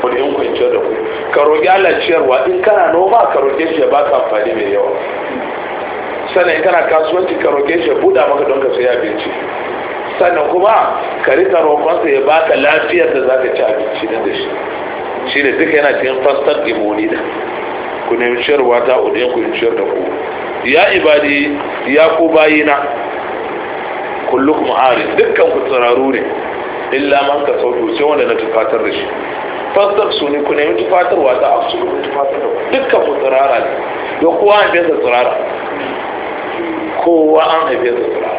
ku in kun ciyar da ku ka roki Allah ciyarwa in kana noma ka roke shi ya baka amfani mai yawa sannan in kana kasuwanci ka roke shi ya buɗa maka don ka sayi abinci sannan kuma ka rika roƙonsa ya baka lafiyar da za ka ci abinci da shi shi ne duka yana cikin fastar imonida ku nemi ciyarwa ta uɗin ku ciyar da ku ya ibadi ya ku bayina kullukum arin dukkan ku tsararu ne illa man ka sauto sai wanda na tufatar da shi fastar su ne ku nemi tufatar wa ta su absolut tufatar da ku dukkan ku tsirara ne don kowa an haife tsirara kowa an haife tsirara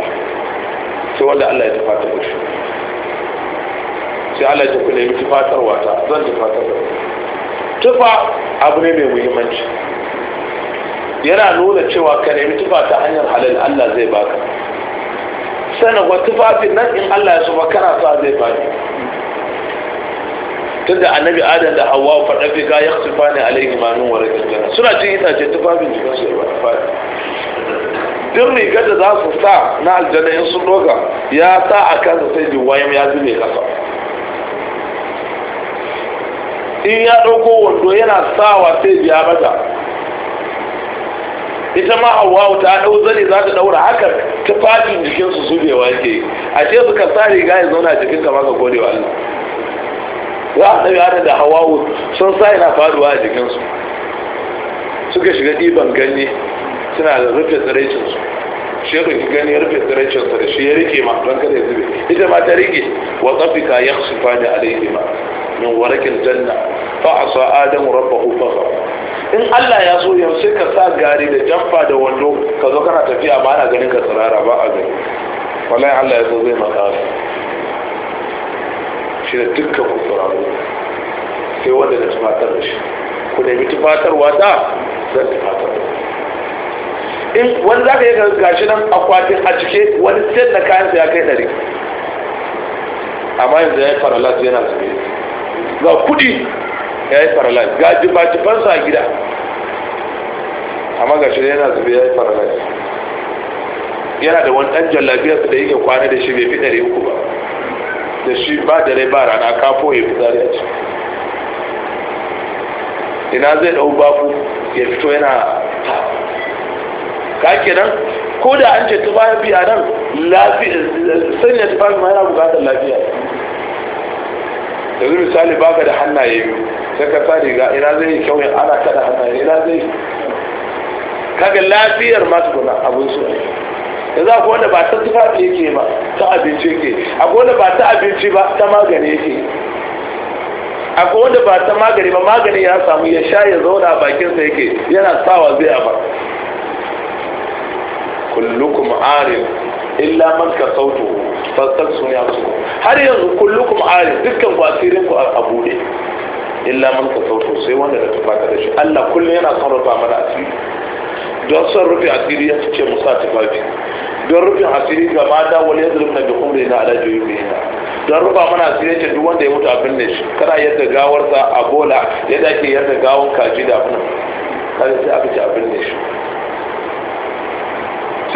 sai wanda Allah ya tufatar da shi sai Allah ya kula miki tufatarwa ta zan tufatar da tufa abu ne mai muhimmanci yana nuna cewa ka nemi tufa ta hanyar halal Allah zai baka sanin wa tufafin nan in Allah ya saba kana sa zai bani tunda annabi adam da hawa faɗa fi ga yaksu fani alaihi mamin wa rikin jana suna cin itace tufafin jikin su ba fadi duk rigar da za su sa na aljanna in sun doga ya sa a kansa sai jiwayen ya zube kasa in ya ɗauko wando yana sawa sai biya mata ita ma hawa ta ɗau zane za ta ɗaura haka ta fadin jikinsu su bewa ke a ce suka sa riga ya zauna jikin ka gode wa Allah za a ɗaya da hawa sun sa yana faduwa a jikinsu suka shiga ɗiban ganye suna da rufe tsiraicinsu شيخ كان يرفع درجة الطرش يريكي ما حبان كده يزبه إذا ما تريكي وطفك يخصفان عليهما من ورك الجنة فعصى آدم ربه فغر إن الله يسوع يمسك ساد قاري لجفا دو وندو كذو كان تفيع معنا قنينك سرارة باعة قنين ولا يعلى يسوع زي ما قال شيرا دكة مصرارة في ودن اسمع ترش كنا يمتفاتر وادا ذات فاتر in wani za ka yi gashi nan akwatin a cike wani set na kayansa ya kai ɗari amma yanzu ya yi paralyze yana zube ga kuɗi ya yi paralyze ga jibajibansa a gida amma gashi yana zube ya yi paralyze yana da wani ɗan jallabiyarsa da yake kwana da shi bai fi ɗari uku ba da shi ba da rai ba rana kafo ya fitsari a ciki ina zai ɗau babu ya fito yana ka kenan ko da an ce tufafi a nan sanya tufafi ma yana bukatar lafiya yanzu misali baka da hannaye biyu sai ka sa riga ina zai yi kyau ana kada hannaye ina zai kaga lafiyar masu guna abin su za ku wanda ba ta tufafi yake ba ta abinci yake akwai wanda ba ta abinci ba ta magani yake akwai wanda ba ta magani ba magani ya samu ya sha ya zauna bakinsa yake yana sawa zai a kullukum arif illa man ka sautu Fasal sun ya su har yanzu kullukum arif dukkan asirin ku a bude illa man ka sautu sai wanda da tufa da shi Allah kullun yana son rufa mana asiri don son rufe asiri ya ce musa tufafi don rufe asiri ga mata wani yanzu na bi kumre na ala juyi don rufa mana asiri ce duk wanda ya mutu abin ne shi kana yadda gawarsa a bola yadda ake yadda gawon kaji da abin kare sai aka ci abin ne shi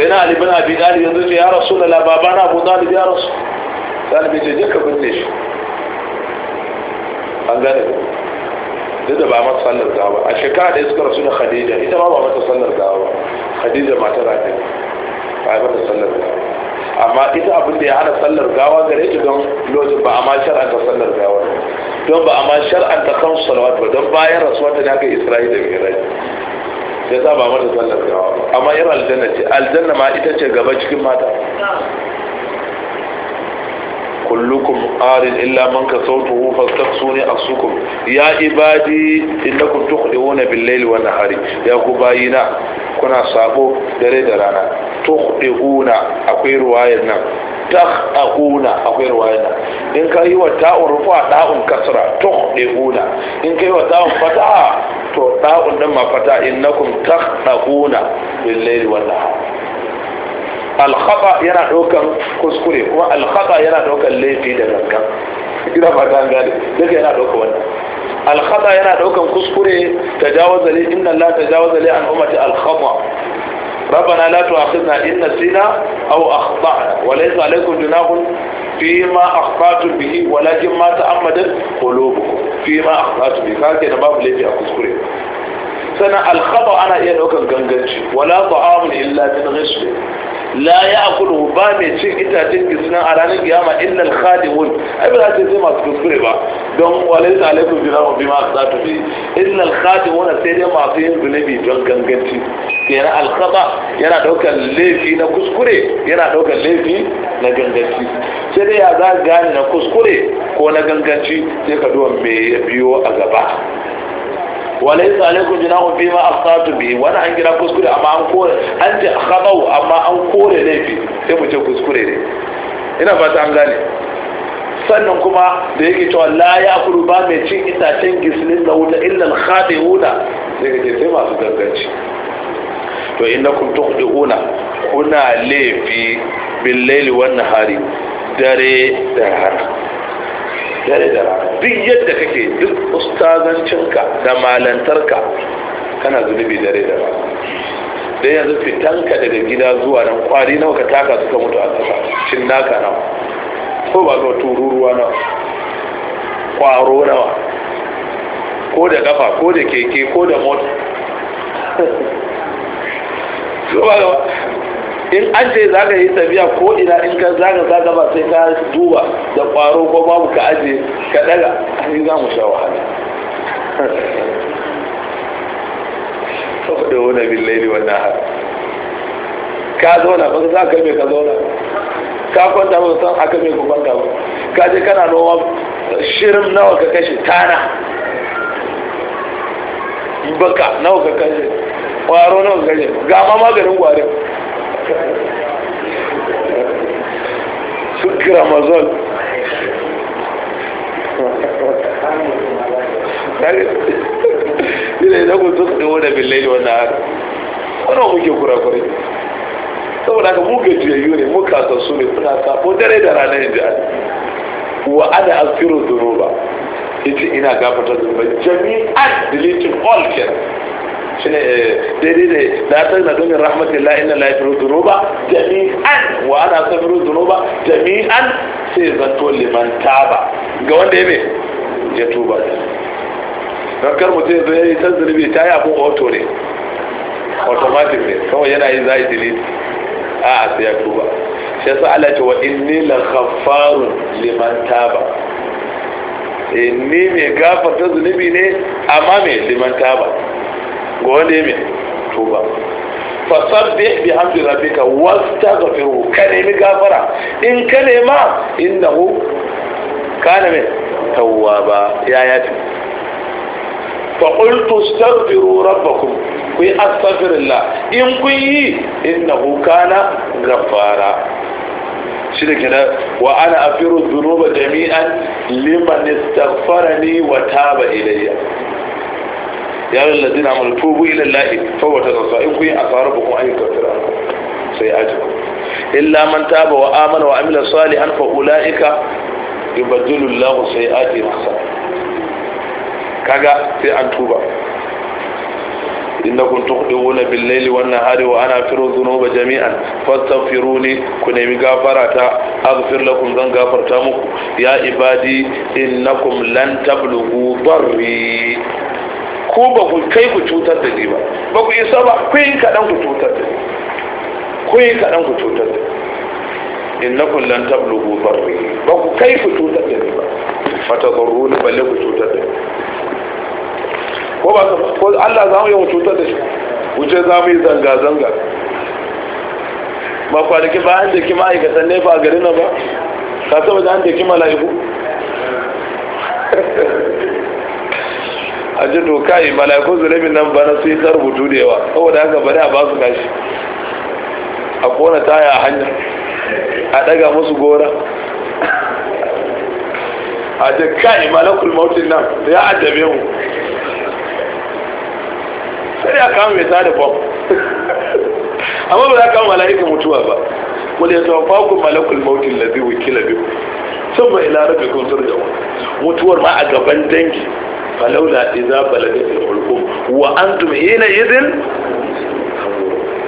sai na ali bin abi yanzu ce ya rasu da lababa na abu talib ya rasu talib ce je ka binne shi an gane duk da ba mata sallar gawa a shekara da suka rasu da khadija ita ba ba mata sallar gawa khadija matar ake ba mata sallar gawa amma ita abin da ya hana sallar gawa gare ta don lokacin ba a ma shar'anta sallar gawa don ba a ma shar'anta kan salawat ba don bayan rasuwa ta ne aka isra'ila da mirai ya sa ba mata sallar gawa amma yar aljanna ce aljanna ma ita ce gaba cikin mata kullukum arin illa man ka sautu kasawtuhu fastaksuni asukum ya ibadi innakum tukhdiuna bil layli wan nahari ya ku bayina kuna sabo dare da rana tukhdiuna akwai ruwayar nan takhuna akwai ruwaya in ka yi wa ta'un rufa da'un kasra tukhuna in ka yi wa ta'un fata'a to da'un din ma fata innakum takhuna bil layli wan nahar al khata yana daukan kuskure kuma al khata yana daukan laifi da gangan ina fata an gane duka yana daukan wannan al khata yana daukan kuskure tajawaza li inna la tajawaza li an ummati al khata ربنا لا تؤاخذنا إن نسينا أو أخطأنا وليس عليكم جناح فيما أخطأتم به ولكن ما تأمدت قلوبكم فيما أخطأتم به فهذا باب ليبيا كسكري sannan alkhaba ana iya ɗaukar ganganci wala ta'amun illa min ghisl la ya'kulu ba mai cin itacen gisna a ranar kiyama illa al-khadimun ai ba za ta ce masu kuskure ba don walaysa alaikum birahu bi za ta bi illa al-khadimun sai dai masu yin zunubi don ganganci kenan alkhaba yana ɗaukar laifi na kuskure yana ɗaukar laifi na ganganci sai dai ya za gane na kuskure ko na ganganci sai ka duba me ya biyo a gaba walaysa jina jinahu fi ma afsatu bi wani an kira kuskure amma an kore an ce khabau amma an kore laifi sai mu ce kuskure ne ina fata an gane sannan kuma da yake cewa la ya kuru ba mai cin itacen gislin da wuta illa khadi huna sai ce sai masu ganganci to kun innakum tuqdiuna kuna laifi bil laili wan nahari dare da rana dare da rana duk yadda kake duk ustazancinka da malantarka kana zunubi dare da rana dan yanzu fitanka daga gida zuwa nan kwari nawa ka taka suka mutu a kasa cin naka nawa ko ba ga tururuwa nawa kwaro nawa ko da kafa ko da keke ko da mota ba in an ce za ka yi tafiya ko ina in ka zaga zaga ba sai ka duba da kwaro ko babu ka aje ka daga an za mu sha wahala saboda wani bin laili wannan har ka zauna ba za ka mai ka zauna ka kwanta ba san aka mai ku kwanta ba ka je kana noma shirin nawa ka kashe tana baka nawa ka kashe kwaro nawa ka kashe ga ma maganin gwarin su ramazon ina idan ku suka ɗewo da billahi wannan har wannan muke kurakurai saboda haka mu gajiyayyu ne mu kasassu ne suna safo dare da rana yanzu wa ana azkiru zunuba yace ina gafarta zunuba jami'an deleting all kenan shine eh, daidai da la tazna dumin rahmatillah inna la yafiru dhunuba jami'an wa ana safiru dhunuba jami'an sai zanto liman taba ga wanda ya ya tuba don kar mutum zai yi ta zunubi ta yi abun auto ne automatic ne kawai yana yi za'i delete a a sai ya tuba shi yasa Allah ce wa inni la ghaffarun liman taba inni eh, mai gafarta zunubi ne amma mai liman taba ga wanda ya mai tuba fasabbih bihamdi rabbika wastaghfiru ka nemi gafara in ka nema innahu kana min tawwaba ya yafi fa qultu astaghfiru rabbakum ku yi astaghfirullah in kun yi innahu kana ghaffara shi da kenan wa ana afiru dhunuba jami'an liman istaghfarani wa taba ilayya ya yi lalazi na mulu tubu ilin la'i fawata zasu in kun yi asarar bukun an yi kafira sai aji illa man taba wa amana wa amila salihan fa ula'ika yubaddilu lahu sai aji masa kaga sai an tuba إنكم تخطئون بالليل والنهار وأنا أغفر الذنوب جميعا فاستغفروني كنمي غفرة أغفر لكم ذن غفرتمك يا عبادي إنكم لن تبلغوا ضري ko ba ku kai ku cutar da ni ba ba ku isa ba ku yi kaɗan ku cutar da ni ku yi kaɗan ku cutar da ni in na kullum tablugu barri ba ku kai ku cutar da ni ba fata zarru ni balle ku cutar da ni ko ba ko Allah za mu yi mu cutar da shi wuce za mu yi zanga-zanga ba kwanaki ba an daki ma'aikatan ne ba a garin ba ka saboda an daki mala'iku a ji to kai malakun zulubin nan bana sun yi ta rubutu da yawa saboda haka bari a basu gashi a kona taya a hanya a daga musu gora a ce kai malakul mautin nan ya addabe mu sai ya kama mai tada bom amma ba za ka mala'ika mutuwa ba wani ya tawafa ku malakul mautin labi wikila biyu sun ma ila rabbi kun turjawa mutuwar ma a gaban dangi falaula idza balagatil hulqum wa antum hina idhin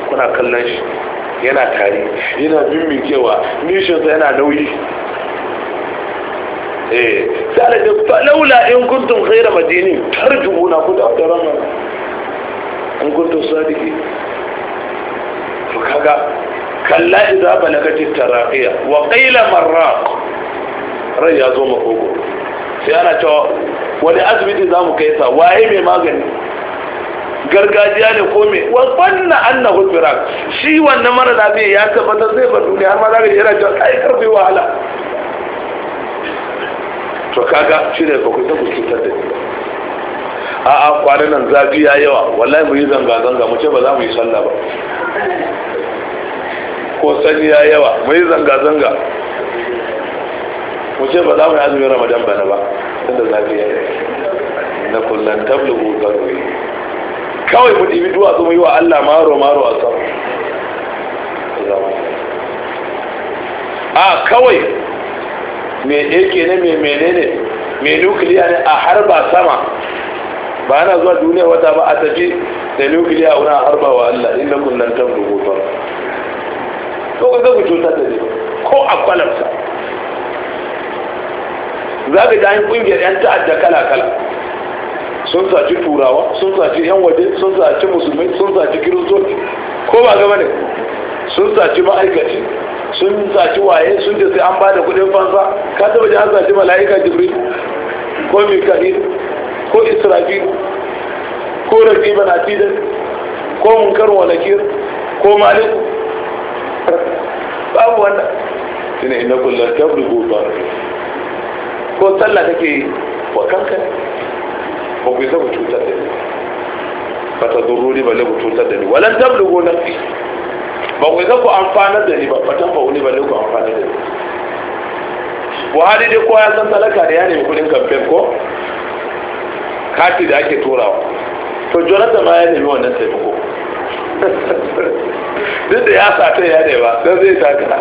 kuna kallon shi yana tare yana mimmi mimmikewa nishinsa yana nauyi eh sai da falaula in kuntum khayra madinin tarjumuna ku da ranar in kuntum sadiki to kaga kalla idza balagatit taraqiya wa qila marraq rai ya zo makogo sai ana cewa wani asibiti za mu kai sa waye mai magani gargajiya ne ko me wannan annahu firak shi wannan mara lafiya ya tabbata zai ba duniya har ma za ka jira yana kai karfi wahala to kaga shi ne bakwai ta kuke cutar da ni a'a kwanan nan zafi ya yawa wallahi mu yi zanga-zanga mu ce ba za mu yi sallah ba ko sani ya yawa mu yi zanga-zanga mu ce ba za mu yi azumin ramadan bana ba tun da zafi ya na kullum tablugu zaruri kawai mu ɗibi duwa zuwa yi wa allah maro maro a sama a kawai me ake ne me ne me nukiliya ne a harba sama ba na zuwa duniya wata ba a tafi da nukiliya wuna harba wa Allah inda kullum tablo Ko to ka ku cuta da ko a kwalarsa za ka ga kungiyar 'yan ta'adda kala-kala sun saci turawa sun saci 'yan waje sun saci musulmi sun saci kiristoci ko ba gaba ne sun saci ma'aikaci sun saci waye sun ce sai an ba da kudin fansa ka taba ji an saci mala'ika jibril ko mika'il ko israfi ko bana atidan ko munkar walakir ko malik babu wannan ina ina kullum tabri ba ko sallah take wa kanka ba ku isa ku cutar da ni ba ta zuru ni ne ku cutar da ni walan ko nafi ba ku isa ku amfanar da ni ba fatan fa'u ni ne ku amfanar da ni buhari dai ko ya san talaka da ya nemi kudin kamfen ko kati da ake turawa to jonathan ma ya nemi wannan taimako duk da ya ta ya ne ba don zai takara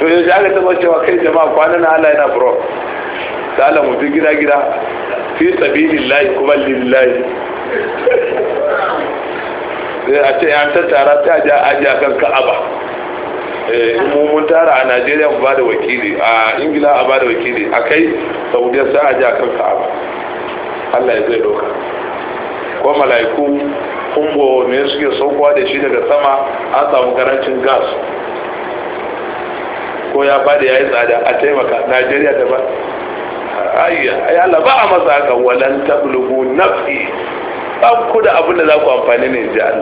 to yanzu aka taba cewa kai jama'a kwanan Allah yana bro da Allah mutu gida gida fi sabilillahi kuma lillahi sai a ce an tattara ta ja aji kan ka'aba eh, mu mun tara a Najeriya mu bada wakili a Ingila a bada wakili a kai Saudiya sai aji kan ka'aba Allah ya zai doka ko mala'iku kumbo ne suke saukowa da shi daga sama an samu karancin gas ko ya bada ya yi tsada a taimaka najeriya da ba ai Allah ba a masa haka walan tablugu nafi ba ku da abin da za ku amfani ne ji an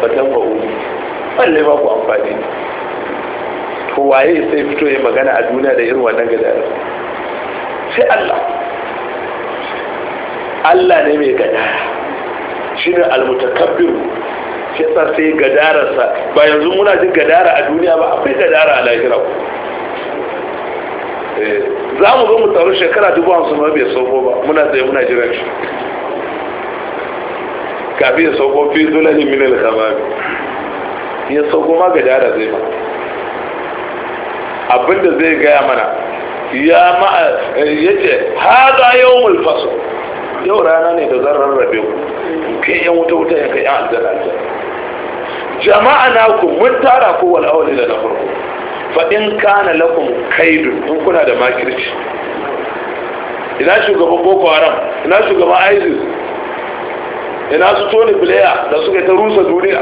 ba ba u balle ba ku amfani to waye sai fito ya magana a duniya da irin wannan gadara sai Allah Allah ne mai gadara ne almutakabbiru shi sai gadararsa ba yanzu muna jin gadara a duniya ba akwai gadara a lahira Eh, za mu zo mu taru shekara dubu hamsin ma bai sauko ba muna tsaye muna jiran shi kafin ya sauko fi zulani min al-khamami ya sauko ma da zai ba abinda zai gaya mana ya ma eh, yace hada yawmul fasl yau rana ne da zan rarrabe ku kai yan wuta wuta ya kai yan aljanna jama'a na ku mun tara ku wal awli da na farko faɗin kana lakum kaidu in kuna da makirci ina shugaban boko haram ina shugaban isis ina su tony blair da suka ta rusa duniya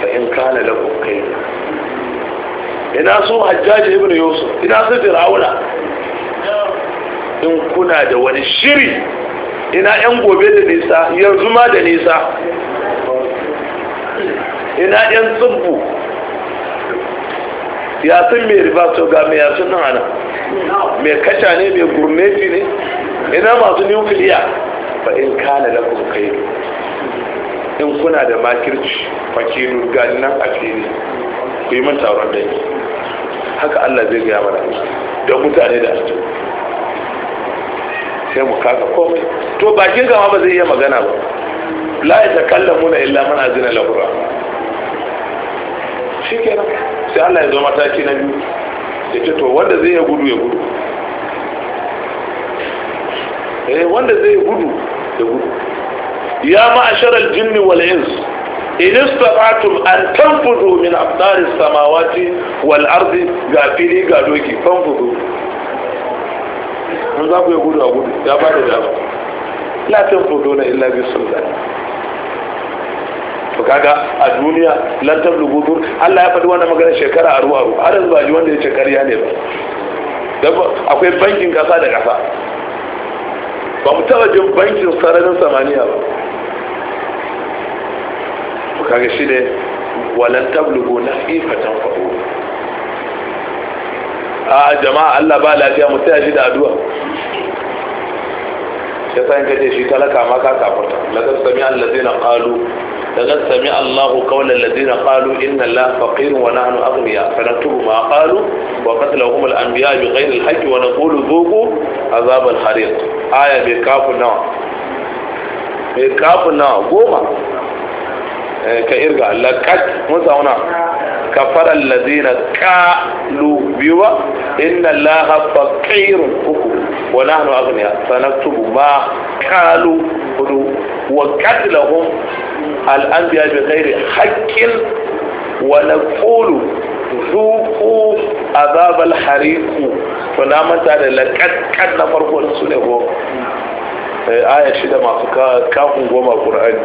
faɗin kana lakum kaidu ina su hajjaji ibn yusuf ina su fir'auna in kuna da wani shiri ina yan gobe da nisa yanzu ma da nisa ina yan tsibbu yasin mai riba to ga mai yasin nan ana mai kasha ne mai gurneti ne ina masu nukiliya Ba in kana da kuma kai in kuna da makirci fakilu gani nan a fili ku yi manta taron da haka allah zai gaya mana da mutane da su sai mu kaka komai to bakin gama ba zai iya magana ba la ya takallamu muna illa mana zina lahu shi kenan sai allah ya zo mataki na biyu ya ce to wanda zai ya gudu ya gudu eh wanda zai ya gudu ya gudu ya wal ins in istata'tum an tanfudu min samawati wal ardi ga fili ga doki tanfudu mun za ku ya gudu a gudu ya ba da dama la tanfudu na illa bi sultan to kaga a duniya lan tablugu Allah ya faɗi wannan magana shekara aru aru har yanzu ba ji wanda ya ce ƙarya ne ba dan akwai bankin ƙasa da ƙasa ba mu taɓa jin bankin sararin samaniya ba to kaga shi ne walan tablugu na ifatan fa'u a jama'a Allah ba lafiya mu tsaya shi da addu'a ya san ka ce shi talaka ma ka kafurta laqad sami allazina qalu laqad sami allahu qawla allazina qalu inna allaha faqirun wa nahnu aghniya sanaktubu ma kalu wa qatlahum al anbiya bi ghayri al haqq wa naqulu dhuqu azab al hariq aya bi kafu nawa bi kafu nawa goma eh, ka irga laqad mun sauna kafara allazina kalu biwa inna allaha faqirun wa nahnu aghniya sanaktubu ma qalu hudu wa qatlahum al anbiya bi ghairi haqqin wa naqulu zuqu azab al hariq to na manta da laqad kad farko su ne eh, aya shida masu kafin goma kur'ani.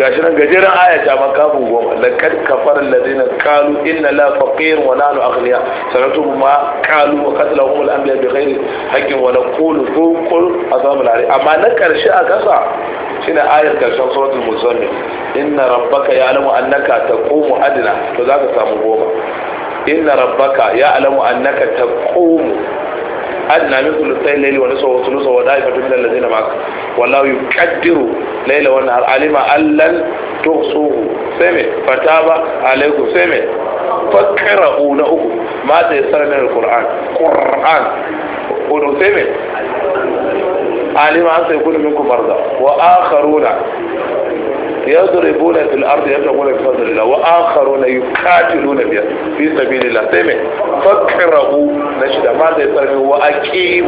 gashi nan gajeren aya ta man kafin goma lakad kafar alladhina qalu inna la faqir wa nahnu aghniya sanatu ma qalu wa qatlahum al-anbiya bi ghairi haqqin wa naqulu fuqul azab al-ari amma na karshe a kasa shine ayar karshen suratul muzammil inna rabbaka ya'lamu annaka taqumu adna to zaka samu goma inna rabbaka ya'lamu annaka taqumu أدنى من ثلثي الليل ونصفه وثلثه ودائفة من الذين معك والله يقدر ليل ونهار علم أن لن تغصوه سمع فتاب عليكم سمع فاقرأوا له ما تيسر من القرآن قرآن قولوا سمع علم أن سيكون منكم مرضى وآخرون Yanzu ne bune fili arzika ta wa ankaru na yi katiluna biyar bisabili la dame. Fasin rabu na shida wa ake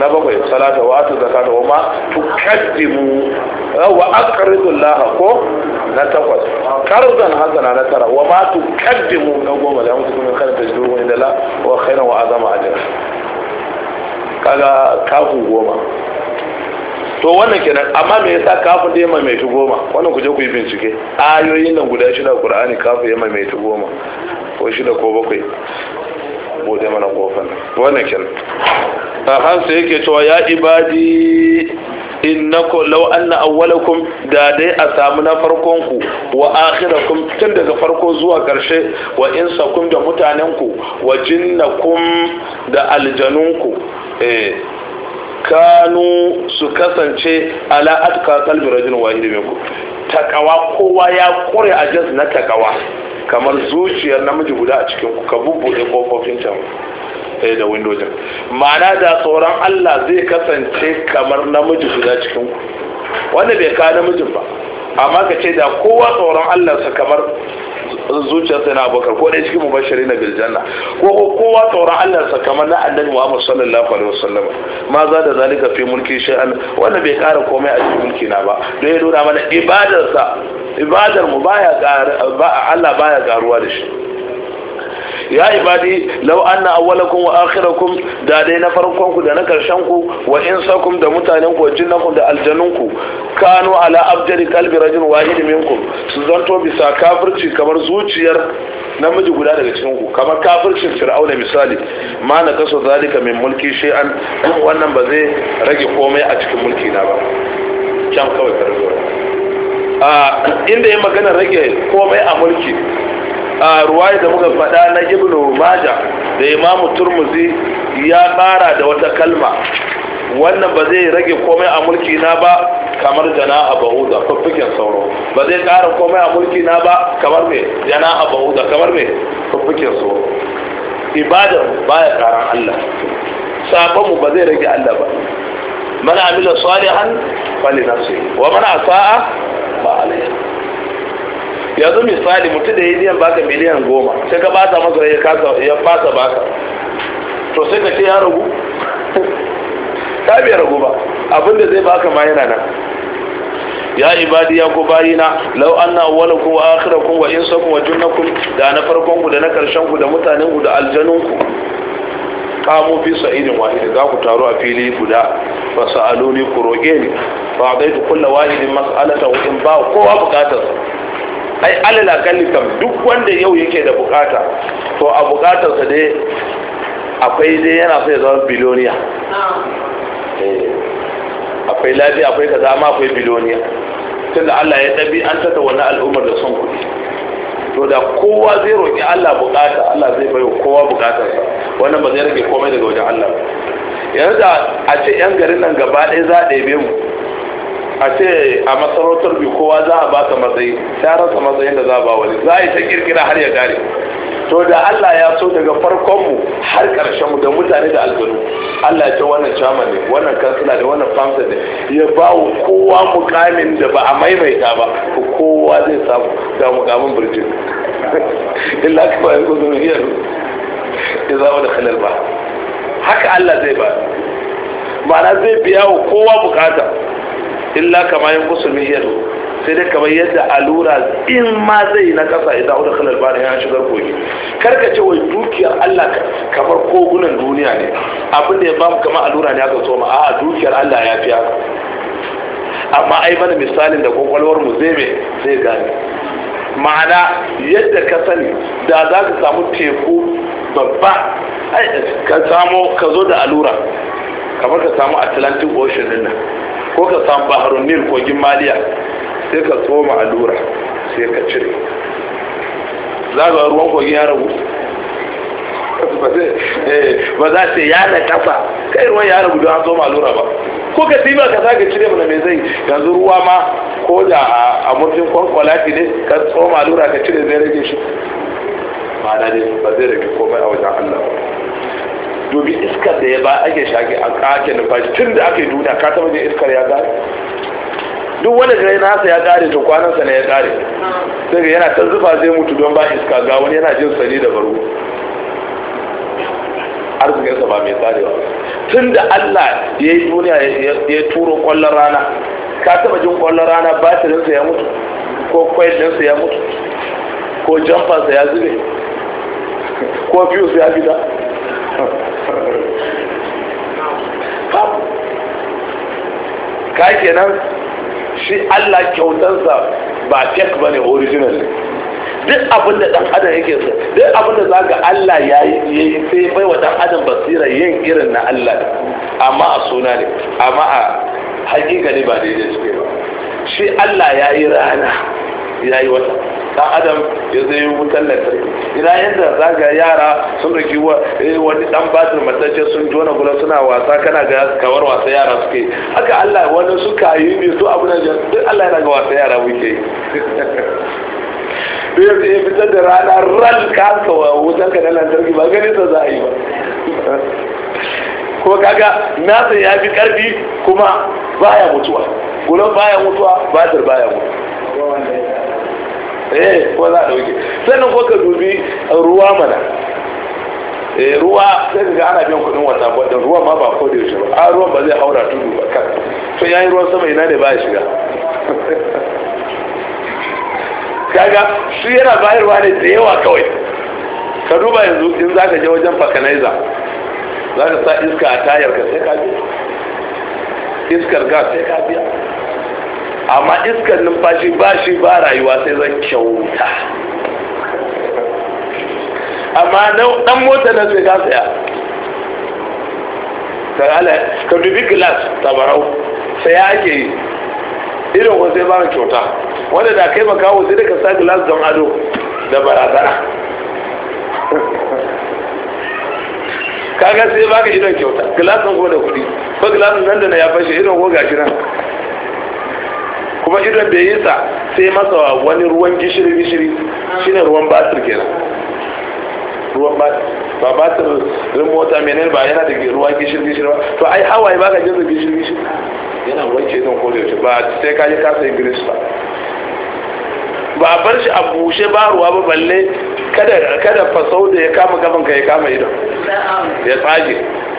Na bakwai salatu wa a tuzakalu wa ma tu wa a karya sun na tafasa. Kar ka na Hassana wa ma tu na goma da ka na bai ta dumo inda wa kaina wa a zama a kafu goma. to wannan kenan amma me yasa kafin da ya maimaitu goma wannan ku je ku yi bincike ayoyin nan guda shida qur'ani kafin ya maimaitu goma ko shida ko bakwai ko da mana kofan wannan kenan sahan sai yake cewa ya ibadi innakum law anna awwalakum da dai a samu na farkon ku wa akhirakum tun daga farko zuwa karshe wa insakum da mutanen ku wa jinnakum da aljanun ku eh kanu su kasance ala atka qalbi rajulin wahid minku takawa kowa ya kure a jaz na takawa kamar zuciyar namiji guda a cikin ku ka bubbuɗe kofofin can eh, da windojin ma'ana da sauran Allah zai kasance kamar namiji guda cikin ku wanda bai ka namijin ba amma ka ce da kowa tsoron Allah sa kamar zuciyar sai na abokar ko dai cikin mubashari na biljanna ko kowa tsoron allah sa kamar na annabi muhammad sallallahu alaihi wasallam ma za da zalika fi mulki shay'an wanda bai kara komai a cikin mulki na ba don ya nuna mana ibadarsa ibadar mu baya Allah baya karuwa da shi ya ibadi law anna awwalakum wa akhirakum da dai na farkon ku da na karshen ku wa insakum da mutanen ku ku da aljannun ku kanu ala abjari kalbi rajul wahid minkum su zanto bisa kafirci kamar zuciyar namiji guda daga cikin ku kamar kafircin fir'auna misali ma na kaso zalika min mulki shay'an wannan ba zai rage komai a cikin mulki na ba can kawai karfi ah, inda ya magana rage komai a mulki a ruwaya da muka faɗa na ibnu maja da imamu turmuzi ya ƙara da wata kalma wannan ba zai rage komai a mulki na ba kamar jana a bahuda fuffuken sauro ba zai ƙara komai a mulki na ba kamar me jana a bahuda kamar me fuffuken sauro ibadar baya ƙaran allah sabonmu ba zai rage allah ba mana amila salihan fali nafsi wa mana asa'a ba alayhi yanzu misali mutum da ya yi biyan baka miliyan goma sai ka bata masa ya kasa ya fasa baka to sai ka ce ya ragu ta biya ragu ba abinda zai baka ma yana nan ya ibadi ya ku bayina law anna awwalakum wa akhirakum wa insakum wa jinnakum da na farkon ku da na karshen ku da mutanen ku da aljanun ku kamo fi sa'idin wahidi za ku taru a fili guda fa sa'aluni ku roge ni fa daitu kullu wahidin mas'alatan in ba kowa bukatar ai alala akalli kam duk wanda yau yake da bukata to a bukatarsa dai akwai dai yana sai ya zama biloniya eh, akwai lafi akwai kaza ma akwai biloniya tunda Allah ya dabi an tata wani al'ummar da son kuɗi to da kowa zai roƙi Allah bukata Allah zai bai kowa bukatarsa wannan ba zai rage komai daga wajen Allah yanzu da a ce yan garin nan gaba ɗaya za a ɗebe mu a ce a masarautar bi kowa za a ba ta matsayi ta rasa matsayin da za a ba wani za a yi ta kirkira har ya gare to da Allah ya so daga farkon mu har karshen mu da mutane da aljanu Allah ya ce wannan chairman ne wannan kansila da wannan famsa ne ya ba wa kowa mukamin da ba a maimaita ba kowa zai samu da mukamin birjin illa ka ba yanzu ya zama da halal ba haka Allah zai ba ma'ana zai biya wa kowa bukata illa kama yin kusur mihiyar sai dai kamar yadda alura in ma zai na kasa idan auda kalar bada ya shigar kogi karka ce wai dukiyar Allah kamar kogunan duniya ne abin da ya bamu kamar alura ne aka soma a dukiyar Allah ya fiya. amma ai mana misalin da kwakwalwar mu zai zai gane ma'ana yadda ka sani da za ka samu teku babba ka samu ka zo da alura kamar ka samu atlantic ocean din nan ko ka san baharun nil kogin maliya sai ka tsoma allura sai ka cire za ga ruwan kogin ya ragu ba eh, za ce ya na kasa kai ruwan ya ragu don an tsoma allura ba ko ka tiba ka za ka cire mana mai zai yanzu ruwa ma ko da a murfin ki ne ka tsoma allura ka cire zai rage shi ma'ana ne ba zai rage komai a wajen allah ba dobi iskar da ya ba ake shaki a kake numfashi tun da aka yi duniya ka taba jin iskar ya gare duk wani gari nasa ya gare to kwanansa ne ya gare sai ga yana ta zufa zai mutu don ba iska ga wani yana jin sani da bargo arzikinsa ba mai tsarewa tun da allah ya yi duniya ya turo kwallon rana ka taba jin kwallon rana batirinsa ya mutu ko kwailinsa ya mutu ko jamfansa ya zube ko su ya fita ka nan shi Allah kyautansa ba ba bane original duk abin da dan adam yake so duk abin da zaka Allah ya yi sai bai wa dan adam basira yin irin na Allah amma a suna ne amma a hakika ne ba daidai suke ba shi Allah ya yi rana ya yi wata dan adam ya zai yi wutar lantarki ina yadda za ga yara sun riki eh, wani dan batir matacce sun jona gula suna wasa kana ga kawar wasa yara suke haka allah wani su kayi ne su abu na duk allah yana ga wasa yara muke biyar da ya fitar da rana ran ka haka wutan ka na lantarki ba ganin ta za a yi ba ko kaga nasa ya fi karfi kuma baya mutuwa gulon baya mutuwa batir baya mutuwa eh ko za a dauke sannan ko ka dubi ruwa mana eh ruwa sai ga ana biyan kudin wata wadda ruwa ma ba ko da yaushe ba a ah, ruwan ba zai haura tudu ba kan to yayin ruwan sama ina ne ba ya shiga kaga su yana bayarwa ne da yawa kawai ka duba yanzu in za ka je wajen fakanaiza za ka sa iska a tayar ka sai ka biya iskar gas sai ka biya amma iskar numfashi ba shi ba rayuwa sai zan kyauta amma dan mota na sai ka saya ka dubi glass tabarau sai ya ake yi irin wanzai ba bani kyauta wanda da kai maka sai da ka sa glass don ado da barazana kaga sai baka idon kyauta glass kuma da kuɗi ko glass nan da na ya fashe idan ko gashi nan kuma idan bai yi sa sai masa wani ruwan gishiri gishiri shine ruwan batir kenan ruwan batir ba batir rin mota menene ba yana da ruwan gishiri gishiri ba to ai hawaye ba ka jinsa gishiri gishiri yana wanke don ko da yaushe ba sai ka yi kasa ingilis ba ba a bar shi a bushe ba ruwa ba balle kada faso da ya kama gaban ka ya kama idan ya tsage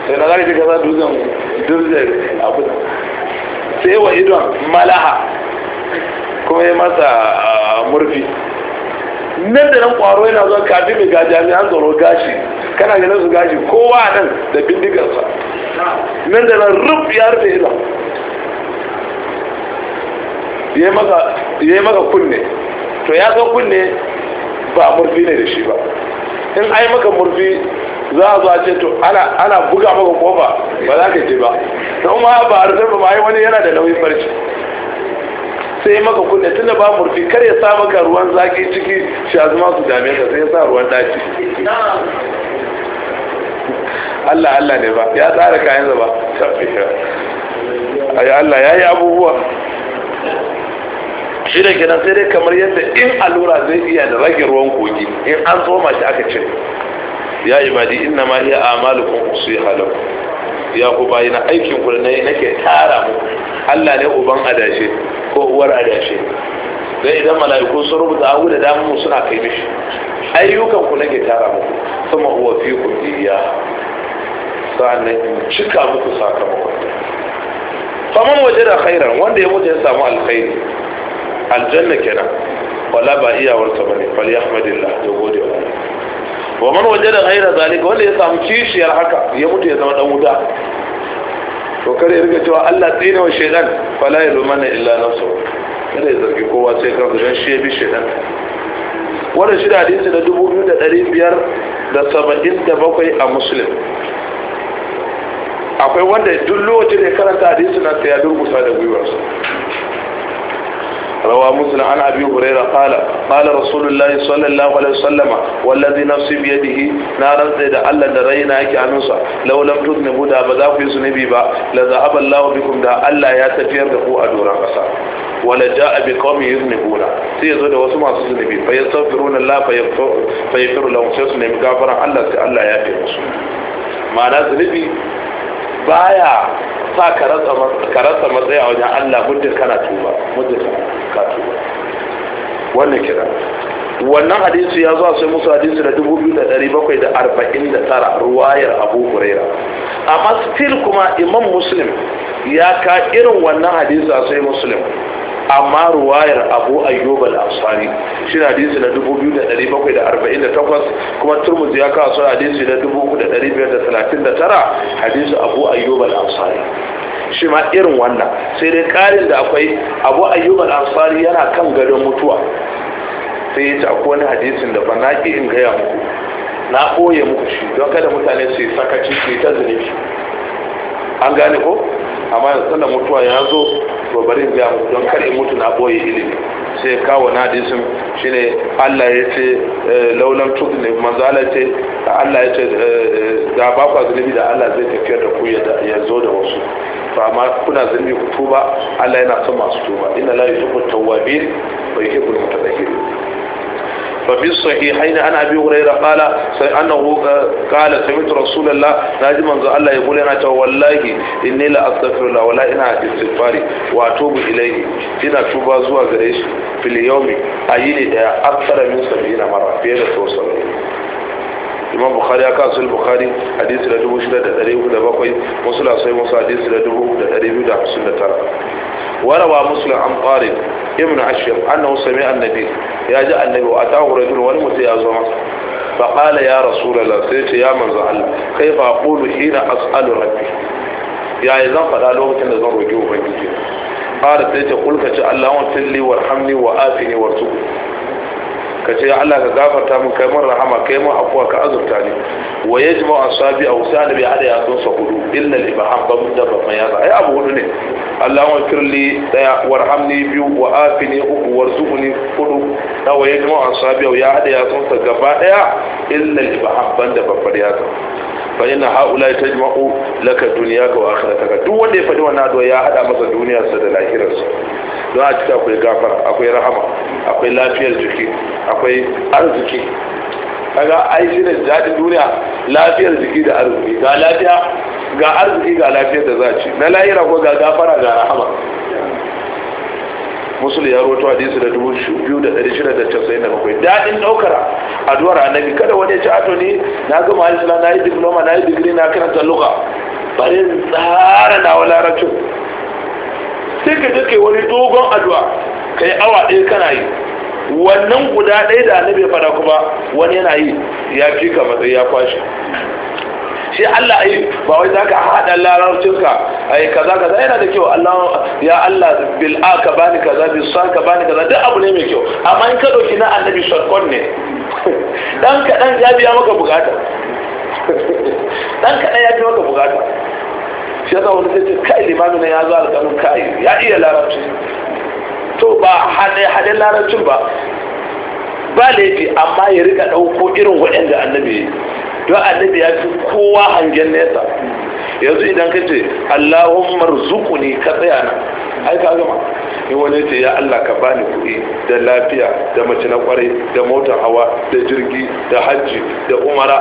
sai na zaka ji kasa dutsen dutsen abu sai wa idon malaha kuma ya masa murfi nan da nan kwaro yana zuwa kafin mai gaji a jami'an tsaro gashi kana ganin su gashi kowa nan da bindigarsa nan da nan rub ya rufe ila ya yi maka kunne to ya zo kunne ba murfi ne da shi ba in ai maka murfi za a zuwa ce to ana buga maka kofa ba za ka je ba don umar ba a rufe ba wani yana da nauyin barci sai maka kunne tunda ba murfi kar ya sa maka ruwan zaki ciki shi azuma su dame ka sai ya sa ruwan daci Allah Allah ne ba ya tsara kayan ba ayi Allah ya yi abubuwa shi da kenan sai dai kamar yadda in allura zai iya da rage ruwan kogi in an tsoma shi aka ce ya ibadi inna ma hiya amalukum usiha lakum ya ku bayina aikin ku ne nake tara mu Allah ne uban adashe ko uwar adashe dan idan mala'iku sun rubuta abu da damu suna kai mishi ayyukan ku nake tara muku sama huwa fi ku biya sa'annan in cika muku sakamakon faman waje da khairan wanda ya mutu ya samu alkhairi aljanna kenan wala ba iyawarsa bane fal yahmadillah ya gode wa wa man waje da ghaira zalika wanda ya samu kishiyar haka ya mutu ya zama dan wuta to kare ya rika cewa Allah tsine wa shaidan fala ya lumana illa nafsu kada ya zargi kowa sai kan zan shi bi shaidan wannan shi da hadisi na dubu biyu da dari biyar da saba'in da bakwai a musulun akwai wanda duk lokacin da ya karanta hadisi na sai ya durgusa da gwiwarsa روى مسلم عن أبي هريرة قال قال رسول الله صلى الله عليه وسلم والذي نفسي بيده نارا زيد ألا درينا يكي أنوسا لو لم تذنبوا دا بذاكو يزنبي با لذهب الله بكم دا ألا يتفير دقوا أدورا قصا ولا جاء بقوم يذنبون سيزو دا وسمع سزنبي فيستغفرون الله فيغفر لهم سيسن مغفرا الله سي الله يفير معنى ذنبي baya sa ka rasa matsayi a wajen Allah muddin kana tuba muddin ka tuba wannan kira wannan hadisi ya zuwa sai musu hadisi da 2749 ruwayar abu huraira amma still kuma imam muslim ya ka irin wannan hadisi a sai muslim amma ruwayar abu ayyub al-ansari shi hadisi na 2748 kuma turmuzi ya kawo sun hadisi na 3539 hadisi abu ayyub al-ansari shi ma irin wannan sai dai karin da akwai abu ayyub al-ansari yana kan gadon mutuwa sai ya ci akwai wani hadisin da ba na ke in gaya muku na koye muku shi don kada mutane su yi sakaci su yi ta zunubi an gane ko amma da sallar mutuwa ya zo to bari in don kar in mutu na boye ilimi sai kawo na hadisin shine Allah ya ce eh, laulan tukne ne Allah Allah ya ce eh, da ba ku zunubi da Allah zai tafiyar da ku ya zo da wasu to amma kuna zunubi ku tuba Allah yana son masu tuba inna la yuhibbu tawwabin wa yuhibbu mutatahhirin ففي الصحيحين عن ابي هريره قال انه قال سمعت رسول الله ناجي منزو الله يقول انا والله اني لا استغفر الله ولا انا استغفاري واتوب اليه ina tuba zuwa gare shi fil yawmi ayini da akthara min 70 mara fiye da imam bukhari ya kasu bukhari hadisi da 6,307 wasu lasai wasu hadisi da 2,259 وروى مسلم عن طارق ابن عشر أنه سمع النبي يا جاء النبي وأتاه رجل ولمت يا زمان فقال يا رسول الله سيدي يا من زعل كيف أقول حين أسأل ربي يا إذن فلا لغة نزل رجوع ربي قال سيدي قل كتي اللهم اغفر لي وارحمني وآتني وارزقني كتي الله كغفرت من كيما رحمة كيما أقوى كأزرت لي ويجمع أصحابي أو سالبي عليها تنصف إلا الإبهام ضمن دبر ما يضع أي أبو هدني Allahumma firli daya warhamni biyu wa afini uku warzuqni hudu dawa ya jima ya hada ya tsunsa gaba daya illa al da babbar yatsa fa inna haula tajma'u laka dunyaka wa akhirataka duk wanda ya fadi wannan addu'a ya hada masa duniyarsa da lahirarsa don a cika akwai gafara akwai rahama akwai lafiyar jiki akwai arziki kaga ai shi ne daɗin duniya lafiyar jiki da arziki ga lafiya ga arziki ga lafiyar da za ci na lahira ko ga gafara ga rahama musul ya roto hadisi da dubu biyu da ɗari shida da casa'in da bakwai daɗin ɗaukar addu'ar annabi kada wani ya ci ato ni na gama alisla na yi diploma na yi digiri na karanta luka bari tsara na wa larabcin sai ka je wani dogon addu'a kai awa ɗaya kana yi wannan guda ɗaya da annabi ya fara kuma wani yana yi ya fi ka matsayi ya kwashe shi Allah ai ba wai zaka hada larabcinka ai kaza kaza yana da kyau Allah ya Allah bil aka ka bani kaza bil saka ka bani kaza duk abu ne mai kyau amma in ka dauki na annabi shortcut ne dan kadan ya biya maka bukata dan kadan ya biya maka bukata shi yasa wani sai kai limamin ya zo alƙalin kai ya iya larabci ba hade-hade larancin ba ba laifi amma ya rika ɗauko irin waɗanda annabi ya don annabi ya fi kowa hangen nesa yanzu idan ka ce allahun marzuku ne ka tsaya na ai ka gama in wani ce ya allah ka bani kuɗi da lafiya da mace na kwarai da motar hawa da jirgi da hajji da umara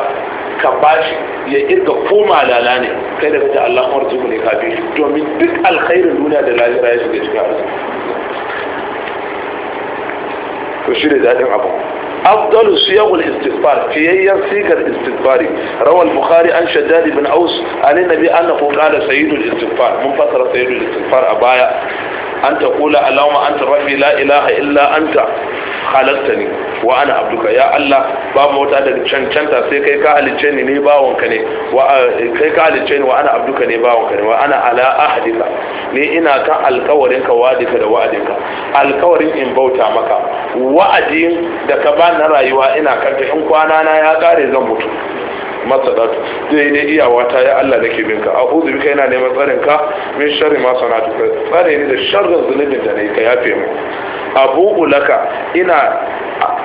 ka bashi ya irga koma lala ne kai da kaji Allah kuma rujuku ne kafin shi domin duk alkhairin duniya da lahira ya shiga cikin arziki to shi da daɗin abu afdalu siyaqul sigar istighfar rawal bukhari an shaddad ibn aus an nabi annahu qala sayyidul istighfar mun fasara sayyidul istighfar a baya an ta kula alama an ta rabbi la ilaha illa anta halattani wa ana abduka ya Allah babu wata da cancanta sai kai ka halicce ni ne bawonka ne wa eh, kai ka halicce ni wa ana abduka ne bawonka ne wa ana ala ahdika ni ina kan alkawarin ka wadika da wa'adinka alkawarin in bauta maka wa'adin da ka ba na rayuwa ina kanta in kwana na ya kare zan mutu masadatu zai dai iyawa ta ya Allah nake binka a uzu bika yana neman tsarin ka min sharri ma sanatu tsare ni da sharrin zunubin da nayi ka yafe mu abu ulaka ina